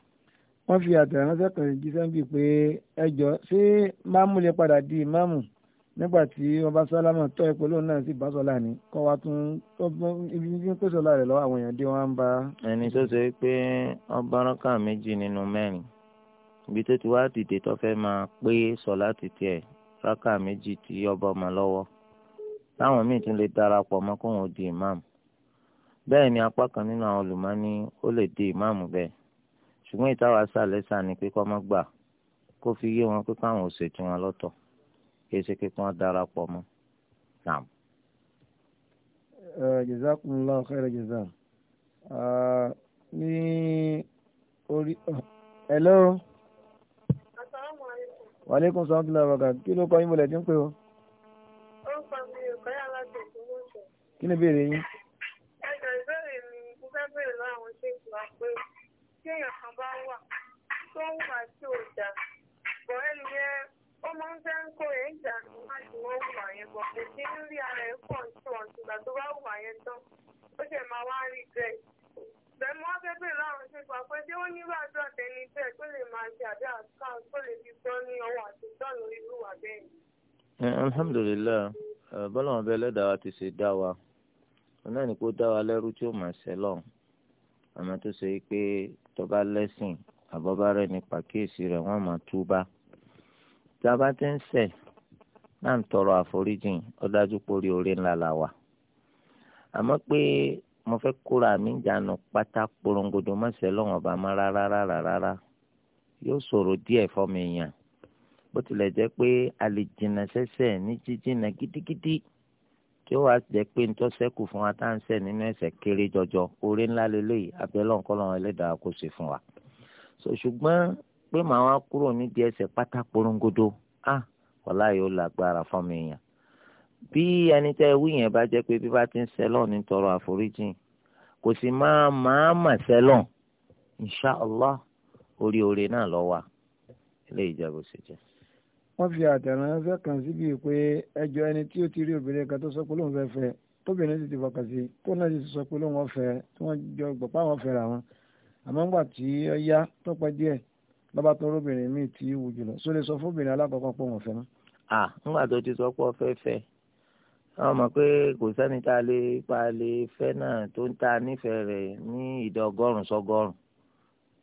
wọ́n fi àtẹ̀ránṣẹ́ kan jíṣẹ́ bíi pé ẹjọ́ ṣé máàmù lè padà di ìmáàmù nígbà tí wọ́n bá sálámà tọ́ ẹ pẹ̀lú náà sì bá sọ́lá ni kọ́ wa tún ibi tí ń pèsè ọ̀la rẹ̀ lọ́wọ́ àwọn èèyàn dé wọ́n á ń bá. ẹni tó ṣe pé ọba rákà méjì nínú mẹ́rin ibi tó ti wá dìde tó fẹ́ máa pé sọ̀lá ti tiẹ̀ rákà méjì tí ọba ọmọ lọ́wọ́ táwọn míì tún lè darapọ̀ mọ́ kóun di ìmáàmù bẹ́ẹ̀ ni apá kan nínú àwọn olùmọ́ ní ó lè di ìmáàmù bẹ́ẹ̀ ṣùgbọ́n ìtawà sàlẹ̀ sàn ni pé kọ́ mọ́ gbà kó fi yé wọn pé káwọn ò ṣètò wọn lọ́tọ̀ kí ẹ ṣe pé kí wọ́n darapọ̀ mọ́ naam. Eh, jazakumullahu khaira ah, ní orí hello. wa alaikum salaam wa rahmatullahi kí ló kọ́ yín mo lẹ̀ tí o. kí ni ìbéèrè yín. tí èèyàn kan bá wà tó ń wà tí ò dá bọ̀ yẹn ó máa ń fẹ́ ń kó èyí jà láti wọ́n wà yẹn bọ̀ kò sí rí ara ẹ̀ pọ̀ tí wọ́n ti tó bá wà yẹn tán ó ṣe máa wá rí bẹ́ẹ̀. bẹ́ẹ̀ láwọn ṣe pa pé ó ní àtẹni bẹ́ẹ̀ tó lè máa ṣe àbí tó lè fi ní ọwọ́ bẹ́ẹ̀. alhamdulilayi bọ́lá tó bá lẹ́sìn àbọ̀bá rẹ̀ ní pàkíyèsí rẹ̀ wọ́n máa túbá. tá a bá ti ń ṣẹ̀ náà ń tọrọ àforíjìn ó dájú pé orí orí ńlá la wà. àmọ́ pé mo fẹ́ kóra mi jánu pátá porongodo mọ́sẹ̀ lọ́wọ́n ọba mọ́ rárá rárá rárá yóò ṣòro díẹ̀ fọ́mi èèyàn bó tilẹ̀ jẹ́ pé a lè jìnnà sẹ́sẹ̀ ní jíjìnnà gidigidi. Gidi tí ó wàá jẹ́ pé ń tọ́sẹ́kù fún wa tá à ń ṣẹ̀ nínú ẹ̀ṣẹ̀ kéré jọjọ oore ńlá lélẹ́yìí abẹ́lọ́nkọ́lọ́n ẹlẹ́dàá kò ṣe fún wa. sọ ṣùgbọ́n pé màá wá kúrò nídìí ẹ̀ṣẹ̀ pátá porongodo ah wàlá yóò lágbára fún mi yàn. bí ẹni tẹ́ ewì yẹn bá jẹ́ pé bí bá ti ń sẹ́lọ̀ ní tọrọ kò sì máa máa mà sẹ́lọ̀ inṣàlá orí oore náà lọ wà eléyìí jẹ́ bó ṣe jẹ́ wọ́n fi àtẹ̀ránṣẹ́ kan síbi pé ẹjọ́ ẹni tí ó ti rí obìnrin kan tó sọ pé lóun fẹ́ fẹ́ tóbìnrin sì ti fọkàn sí tó náà sì sọ pé lóun ọ̀fẹ́ tí wọ́n jọ gbọ̀pá àwọn ọ̀fẹ́ ra wọn àmọ́ ńgbà tí ó yá tó pẹ́ díẹ̀ lọ́ba tó róbìnrin míì tí wù jùlọ só lè sọ fóbìnrin alákọ̀ọ́kọ́ pé wọ́n fẹ́ mọ́. à ńgbà tó ti sọ pé ọfẹ́ fẹ́ àwọn mọ̀ pé kò sẹ́ni tá a lè pa lè fẹ́ náà tó ń ta nífẹ̀ẹ́ rẹ̀ ní ìdá ọgọ́rùn-ún sọ́gọ́rùn-ún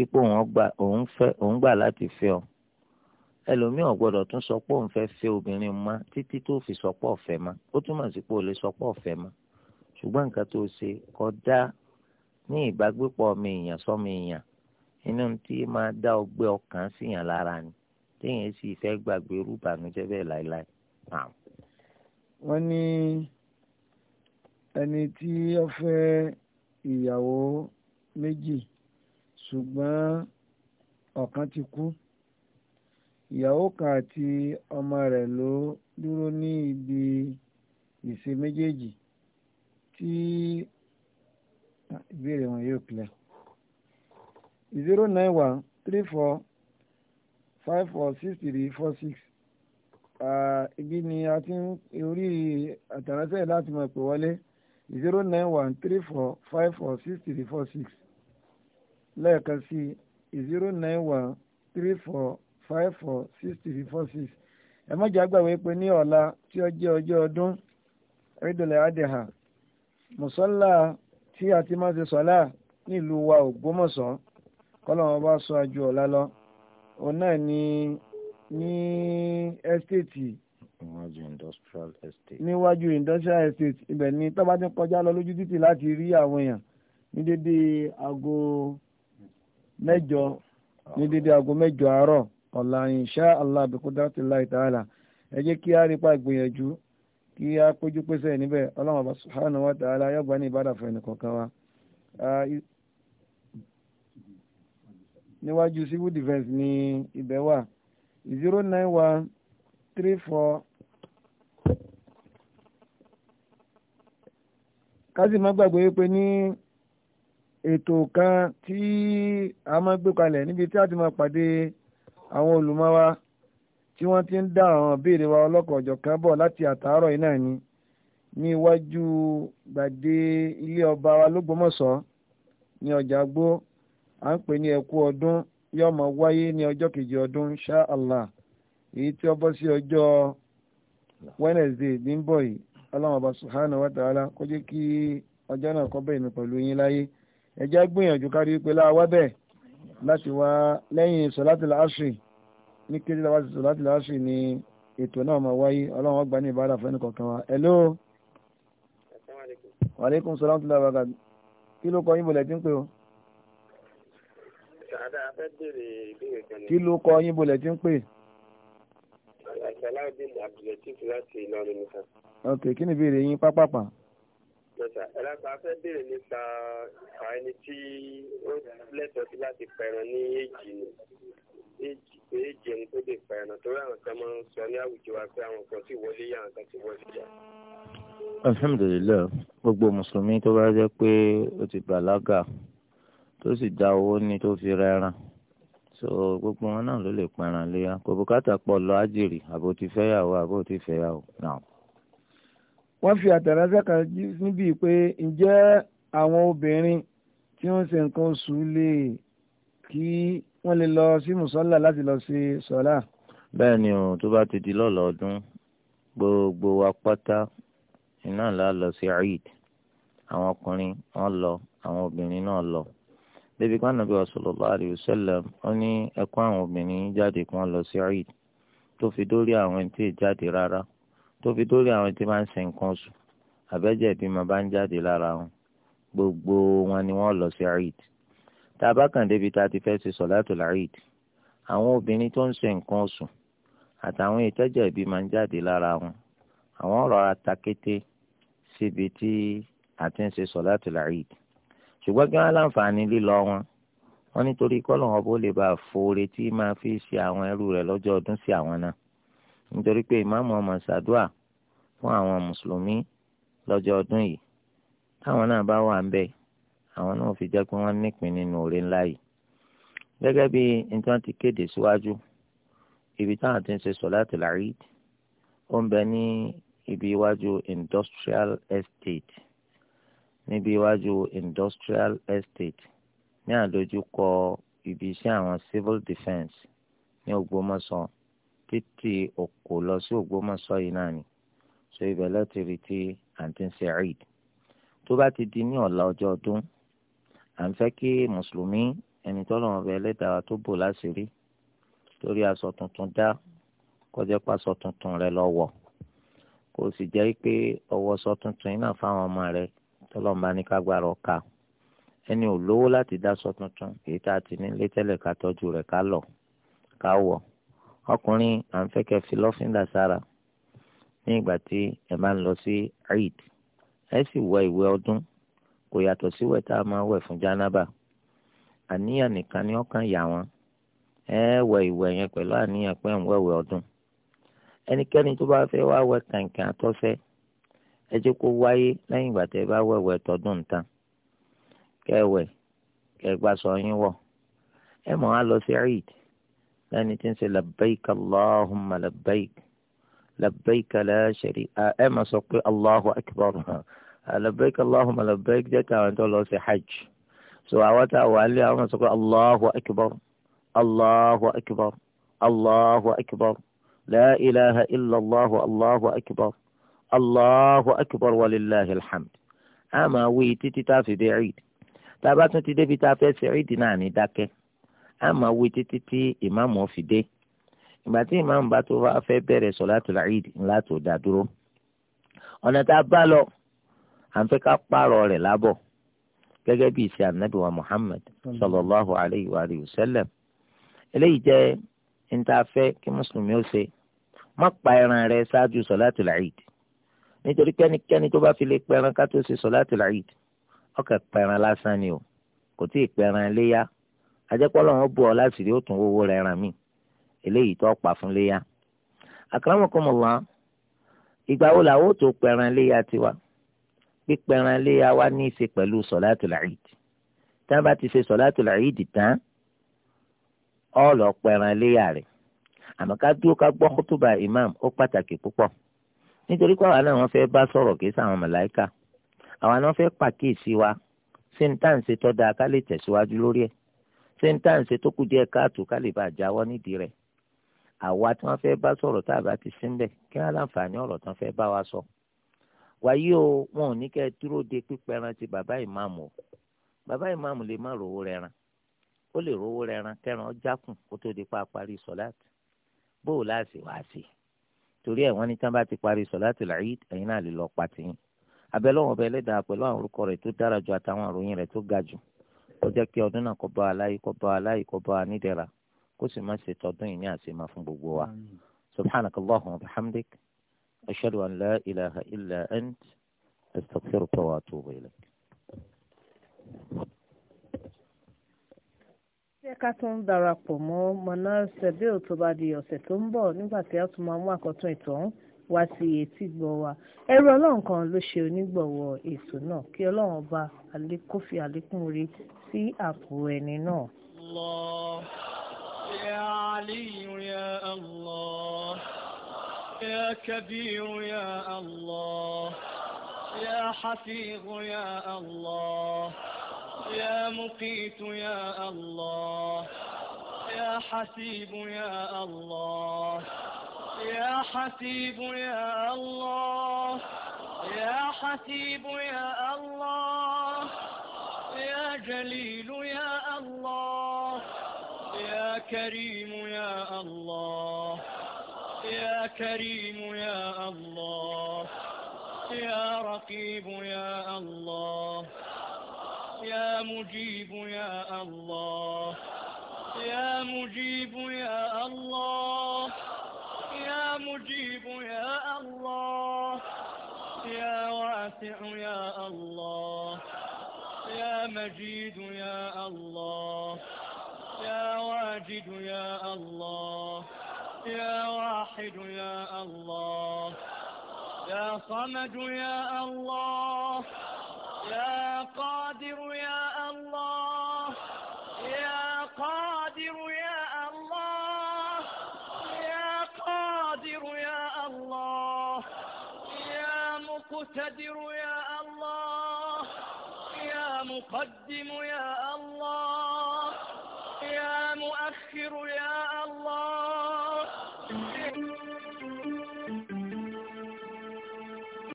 ipò wọn gba òun fẹ́ òun gbà láti fẹ́ ọ ẹlòmíì ò gbọ́dọ̀ tún sọ pé òun fẹ́ fẹ́ obìnrin mọ́ títí tó fi sọ pé ọ̀fẹ́ mọ́ ó túmọ̀ sí pé ò lè sọ pé ọ̀fẹ́ mọ́ ṣùgbọ́n nǹkan tó ṣe kódà ní ìbágbépọ̀ ọmọ èèyàn sọmọ èèyàn inú tí máa dá ọgbẹ́ ọkàn síyàn lára ni téèyàn sì fẹ́ gbàgbé rúbànújẹ́ bẹ́ẹ̀ láéláé. wọ́n ní ẹni tí ó fẹ́ ìyàwó méjì ṣùgbọ́n ọ̀kan ti kú ìyàwó kan àti ọmọ rẹ̀ ló dúró ní ibi ìṣe méjèèjì tí ìbéèrè wọn yóò clear zero nine one three four five four six three four six ibi ni a ti ń orí àtàràṣẹ́ láti mọ̀ pé wọlé zero nine one three four five four six three four six lẹ́ẹ̀kan sí zero nine one three four five four six three four six ẹ má jẹ́ àgbàwé pé ní ọ̀la tí ó jẹ́ ọjọ́ ọdún ẹ̀ẹ́dọ̀lẹ̀ àdèhà mùsọ́lá tí a ti máa ṣe sọ́lá nílùú wa Ògbómọ̀ṣọ́ kọ́lọ́wọ́n bá sọ àjò ọ̀la lọ òun náà ní ní ẹ́stéètì níwájú industrial estate níwájú industrial estate ibẹ̀ ni tọ́ba ti kọjá lọ lójú títì láti rí àwọn èèyàn ní dédé aago. mẹjọ ní dídí aago mẹ́jọ àárọ̀ Allah bi qudratillahi ta'ala ẹ jẹ́ kí á rípa gbìyànjú kí á péjú pèsè níbẹ̀ ọlọ́run subhanahu wa ta'ala yóò gbà ní ìbádà fún wa. níwájú civil defence ní ibẹ̀ wà zero nine one three four. ètò kan tí a máa gbé kalẹ̀ níbi tí a ti máa pàdé àwọn olùmọ̀ wa tí wọ́n ti ń dá àwọn béèrè wa ọlọ́kọ̀ọ̀jọ̀ kan bọ̀ láti àtàárọ̀ iná ni ní iwájú gbàdé ilé ọba wa lógbómọ̀ṣọ́ ní ọjà gbó à ń pè ní ẹkú ọdún yóò máa wáyé ní ọjọ́ kejì ọdún insha Allah èyí tí ó bọ́ sí ọjọ́ Wednesday ní ń bọ̀ yìí ọlọ́run ọba subhanahu wa ta'ala kó jẹ́ kí ọjọ́ náà kó bẹ̀rẹ̀ mi pẹ̀lú yín láyé ẹ jẹ́ gbìyànjú kárí pé láwa bẹ́ẹ̀ láti wá lẹ́yìn sọ̀láti láṣì ní kété láwa sí sọ̀láti láṣì ni ètò náà máa wáyé ọlọ́run ọgbà ní ìbára fún ẹnìkọ̀ọ̀kan wa. hello. wàlẹ́kùn sọ̀rọ̀ tó lára gàdú kí ló kọ yín bọ̀lẹ̀ tí ń pè o. kí ló kọ yín bọ̀lẹ̀ tí ń pè. ok kí ni ìbéèrè yín pápápá lọ́sà ẹ̀láta fẹ́ béèrè nípa àwọn ẹni tí ó lẹ́tọ̀ọ́ sí láti pẹran ní èjì ni èjì pé èjì ẹni tó lè pẹran torí àwọn kan máa ń sọ ní àwùjọ wa pé àwọn kan sì wọlé yà àwọn kan sì wọlé yà. alhamdulilayi gbogbo mùsùlùmí tó bá jẹ́ pé ó ti bàlágà tó sì dá owó ní tó fi rẹran so gbogbo wọn náà ló lè pẹran léyà kò bùkátà pọ̀ lọ àjèrè àbò ti fẹ́yàwó àbò ti fẹ́yàwó náà wọ́n fi àtẹ̀ránṣẹ́ kan níbi pé ǹjẹ́ àwọn obìnrin tí wọ́n ń ṣe nǹkan oṣù lè kí wọ́n lè lọ sí mùsọ́là láti lọ ṣe sọ́là. bẹ́ẹ̀ ni o tó bá ti di lọ́lọ́ ọdún gbogbo wa pátá iná là lọ sí eid àwọn ọkùnrin wọn lọ àwọn obìnrin náà lọ débi kan nàbí sallallahu alaihi wasallam ó ní ẹ kó àwọn obìnrin jáde kí wọ́n lọ sí eid tó fi dórí àwọn ẹni tí ì jáde rárá tó fi dórí àwọn tí máa ń sin nǹkan oṣù àbẹ́jẹ̀ bí màá bá ń jáde lára wọn gbogbo wọn ni wọ́n lọ sí Eid tá a bá kàn débi tá a ti fẹ́ ṣe sọ̀látò láàríd àwọn obìnrin tó ń ṣe nǹkan oṣù àtàwọn ìtọ́jẹ̀ ìbí máa ń jáde lára wọn àwọn rọra ta kété síbi tí a ti ń ṣe sọ̀látò láàríd ṣùgbọ́n kí wọ́n láǹfààní lílọ wọn wọ́n nítorí kọ́lọ̀ wọn bó lè bá a fòore tí máa fi ṣe àwọn ẹrú rẹ̀ lọ́jọ́ ọdún sí àwọn náà nítorí pé ìmáàmù ọmọ ṣàdúà fún àwọn mùsùlùmí lọ́jọ́ ọdún yìí táwọn náà bá wà ń bẹ̀ àwọn náà fi jẹ́ pé wọ́n nípìn nínú oore ńlá yìí gẹ́gẹ́ bí nǹkan ti kéde síwájú ibi táwọn ti ń ṣe sọ̀láàtì làríd ó ń bẹ ní ibi iwájú industrial estate níbi iwájú industrial estate ní àdójúkọ ibi iṣẹ́ àwọn civil defence ní Ògbómọ̀ṣọ́ títí òkò lọ sí Ògbómọ̀ṣọ́ yìí náà ni so ibẹ̀ láti rí ti àǹtí ń ṣe Eid tó bá ti di ní ọ̀la ọjọ́ ọdún à ń fẹ́ kí mùsùlùmí ẹni tọ́lọ́run ọbẹ̀ ẹlẹ́dàá tó bò láṣìírí torí aṣọ tuntun dá kọjá pàṣọ tuntun rẹ lọ́wọ́ kò sì jẹ́ pé ọwọ́ sọ tuntun iná fáwọn ọmọ rẹ tọ́lọ́run bá ní kágbára ọ̀ka ẹni ò lówó láti dá sọ tuntun èyí tá a ti nílé tẹ́lẹ̀ ká tọ́jú rẹ̀ ká lọ ká wọ̀ ọkùnrin à ń fẹ́ kẹ́ fi lọ́fíńdà sára ní ìgbà tí ẹ máa ń lọ sí eid ẹ sì wọ ìwẹ̀ ọdún kò yàtọ̀ sí wẹ̀ tá a máa wẹ̀ fún jánábà àníyàn nìkan ni ọkàn yà wọ́n ẹ wọ ìwẹ̀ yẹn pẹ̀lú àníyàn pé ń wẹ̀wẹ̀ ọdún ẹnikẹ́ni tó bá fẹ́ wá wẹ̀ kàǹkàn àtọ́fẹ́ ẹ jẹ́ kó wáyé lẹ́yìn ìgbà tẹ́ bá wẹ̀wẹ̀ tọdún tán kẹwẹ̀ kẹgbàsọ yín wọ̀ ẹ mọ̀ á lọ sí eid يعني تنسي لبيك اللهم لبيك لبيك لا شريك اه إيه ما سقي الله اكبر آه، لبيك اللهم لبيك ده كان تقول له حج سواتا وقال لي اه ما الله اكبر الله اكبر الله اكبر لا اله الا الله الله اكبر الله اكبر ولله الحمد اما ويتي تتافي بعيد تابعت تدي بتافي سعيد ناني داكي á máa wé títí tí ìmáàmù ó fi dé ìgbà tí ìmáàmù bá tó fẹ́ bẹ̀rẹ̀ sọ̀látul Eid ńlá tó dá dúró ọ̀nà tá a bá lọ à ń fẹ́ ká pààrọ̀ rẹ̀ lábọ̀ gẹ́gẹ́ bí ìṣe ànábì wa Muhammad sallallahu alayhi wa sallam eléyìí jẹ́ ntaafẹ́ kí mùsùlùmí ó ṣe má pa ẹran rẹ̀ ṣáájú sọ̀látul Eid nítorí kẹ́nikẹ́ni tó bá fi lè pẹran ká tó ṣe sọ̀látul Eid ọkàn pẹran lásán ni o kò tí ì pẹran léyà ajẹ́pọ́lọ́ wọn bù ọ láti rí òtún owó rẹ̀ ràn mí eléyìí tó pa fún léyà. akramakumullah ìgbà wo làwọn ò tó pẹran léyà tiwa pípẹran léyà wa ní í ṣe pẹ̀lú sọ̀láàtùl Eid tá a bá ti ṣe sọ̀láàtùl Eid tán ọ pẹran léyà rẹ̀ àmọ́ ká dúró ká gbọ́ kútùbà imam ó pàtàkì púpọ̀ nítorí pé àwọn náà wọ́n fẹ́ bá sọ̀rọ̀ kí sáwọn màláíkà àwọn náà fẹ́ pàkíyèsí wa sí ní táǹsì tọ́ da ká lè tẹ̀síwájú lórí ẹ̀ sẹ́ńtàǹsì tó kù díẹ̀ káàtó ká lè bá jáwọ́ nídìí rẹ̀ àwa tí wọ́n fẹ́ bá sọ̀rọ̀ tá a bá ti síbẹ̀ kí wọ́n láǹfààní ọ̀rọ̀ tí wọ́n fẹ́ bá wa sọ. wàyí o wọn ò ní kẹ́ ẹ dúró de pípẹ́ran ti bàbá ìmáàmù o bàbá ìmáàmù lè má rówó rẹran ó lè rówó rẹran kẹran jákùn kó tó di pa parí sọ̀láàtì bóò láàsì wá sí i torí ẹ̀ wọ́n ní tí wọ́n bá ti parí sọ̀láàtì làyíd ẹ̀yin náà lè lọ pa tiyín abẹ́lẹ́wọ̀n ọba ẹlẹ́dàá pẹ̀lú àwọn orúkọ rẹ̀ tó dára ju àtàwọn àròyìn rẹ̀ tó ga jù ó jẹ́ kí ọdún náà kó bá wa láyé kó bá wa láyé kó bá wa nídẹ̀ra kó sì má ṣe tọdún yìí ní àṣemá fún gbogbo wa subhanaka allahumma wa bihamdik ashhadu an la ilaha illa ant astaghfiruka wa atubu ilayk. jẹ́ ká tún darapọ̀ mọ́ manar sebil tó bá di ọ̀sẹ̀ tó ń bọ̀ nígbà tí a tún máa mú àkọ́tún ìtàn wá sí etí gbọ́ wa ẹrú ọlọ́run kan ló ṣe onígbọ̀wọ́ ètò náà kí ọlọ́run ọba kó fi àlékún rí sí àpò ẹni náà. Allah ya Aliyu ya Allah ya Kabiru ya Allah ya Hafizu ya Allah ya Muqitu ya Allah ya Hasibu ya Allah ya Hasibu ya Allah ya Hasibu ya Allah. جليل يا الله يا كريم يا الله يا كريم يا الله يا رقيب يا الله يا مجيب يا الله يا مجيب يا الله يا مجيب يا الله يا واسع يا الله يا مجيد يا الله يا واجد يا الله يا واحد يا الله يا صمد يا الله يا قادر يا الله يا قادر يا الله يا قادر يا الله يا مقتدر أقدم يا الله يا مؤخر يا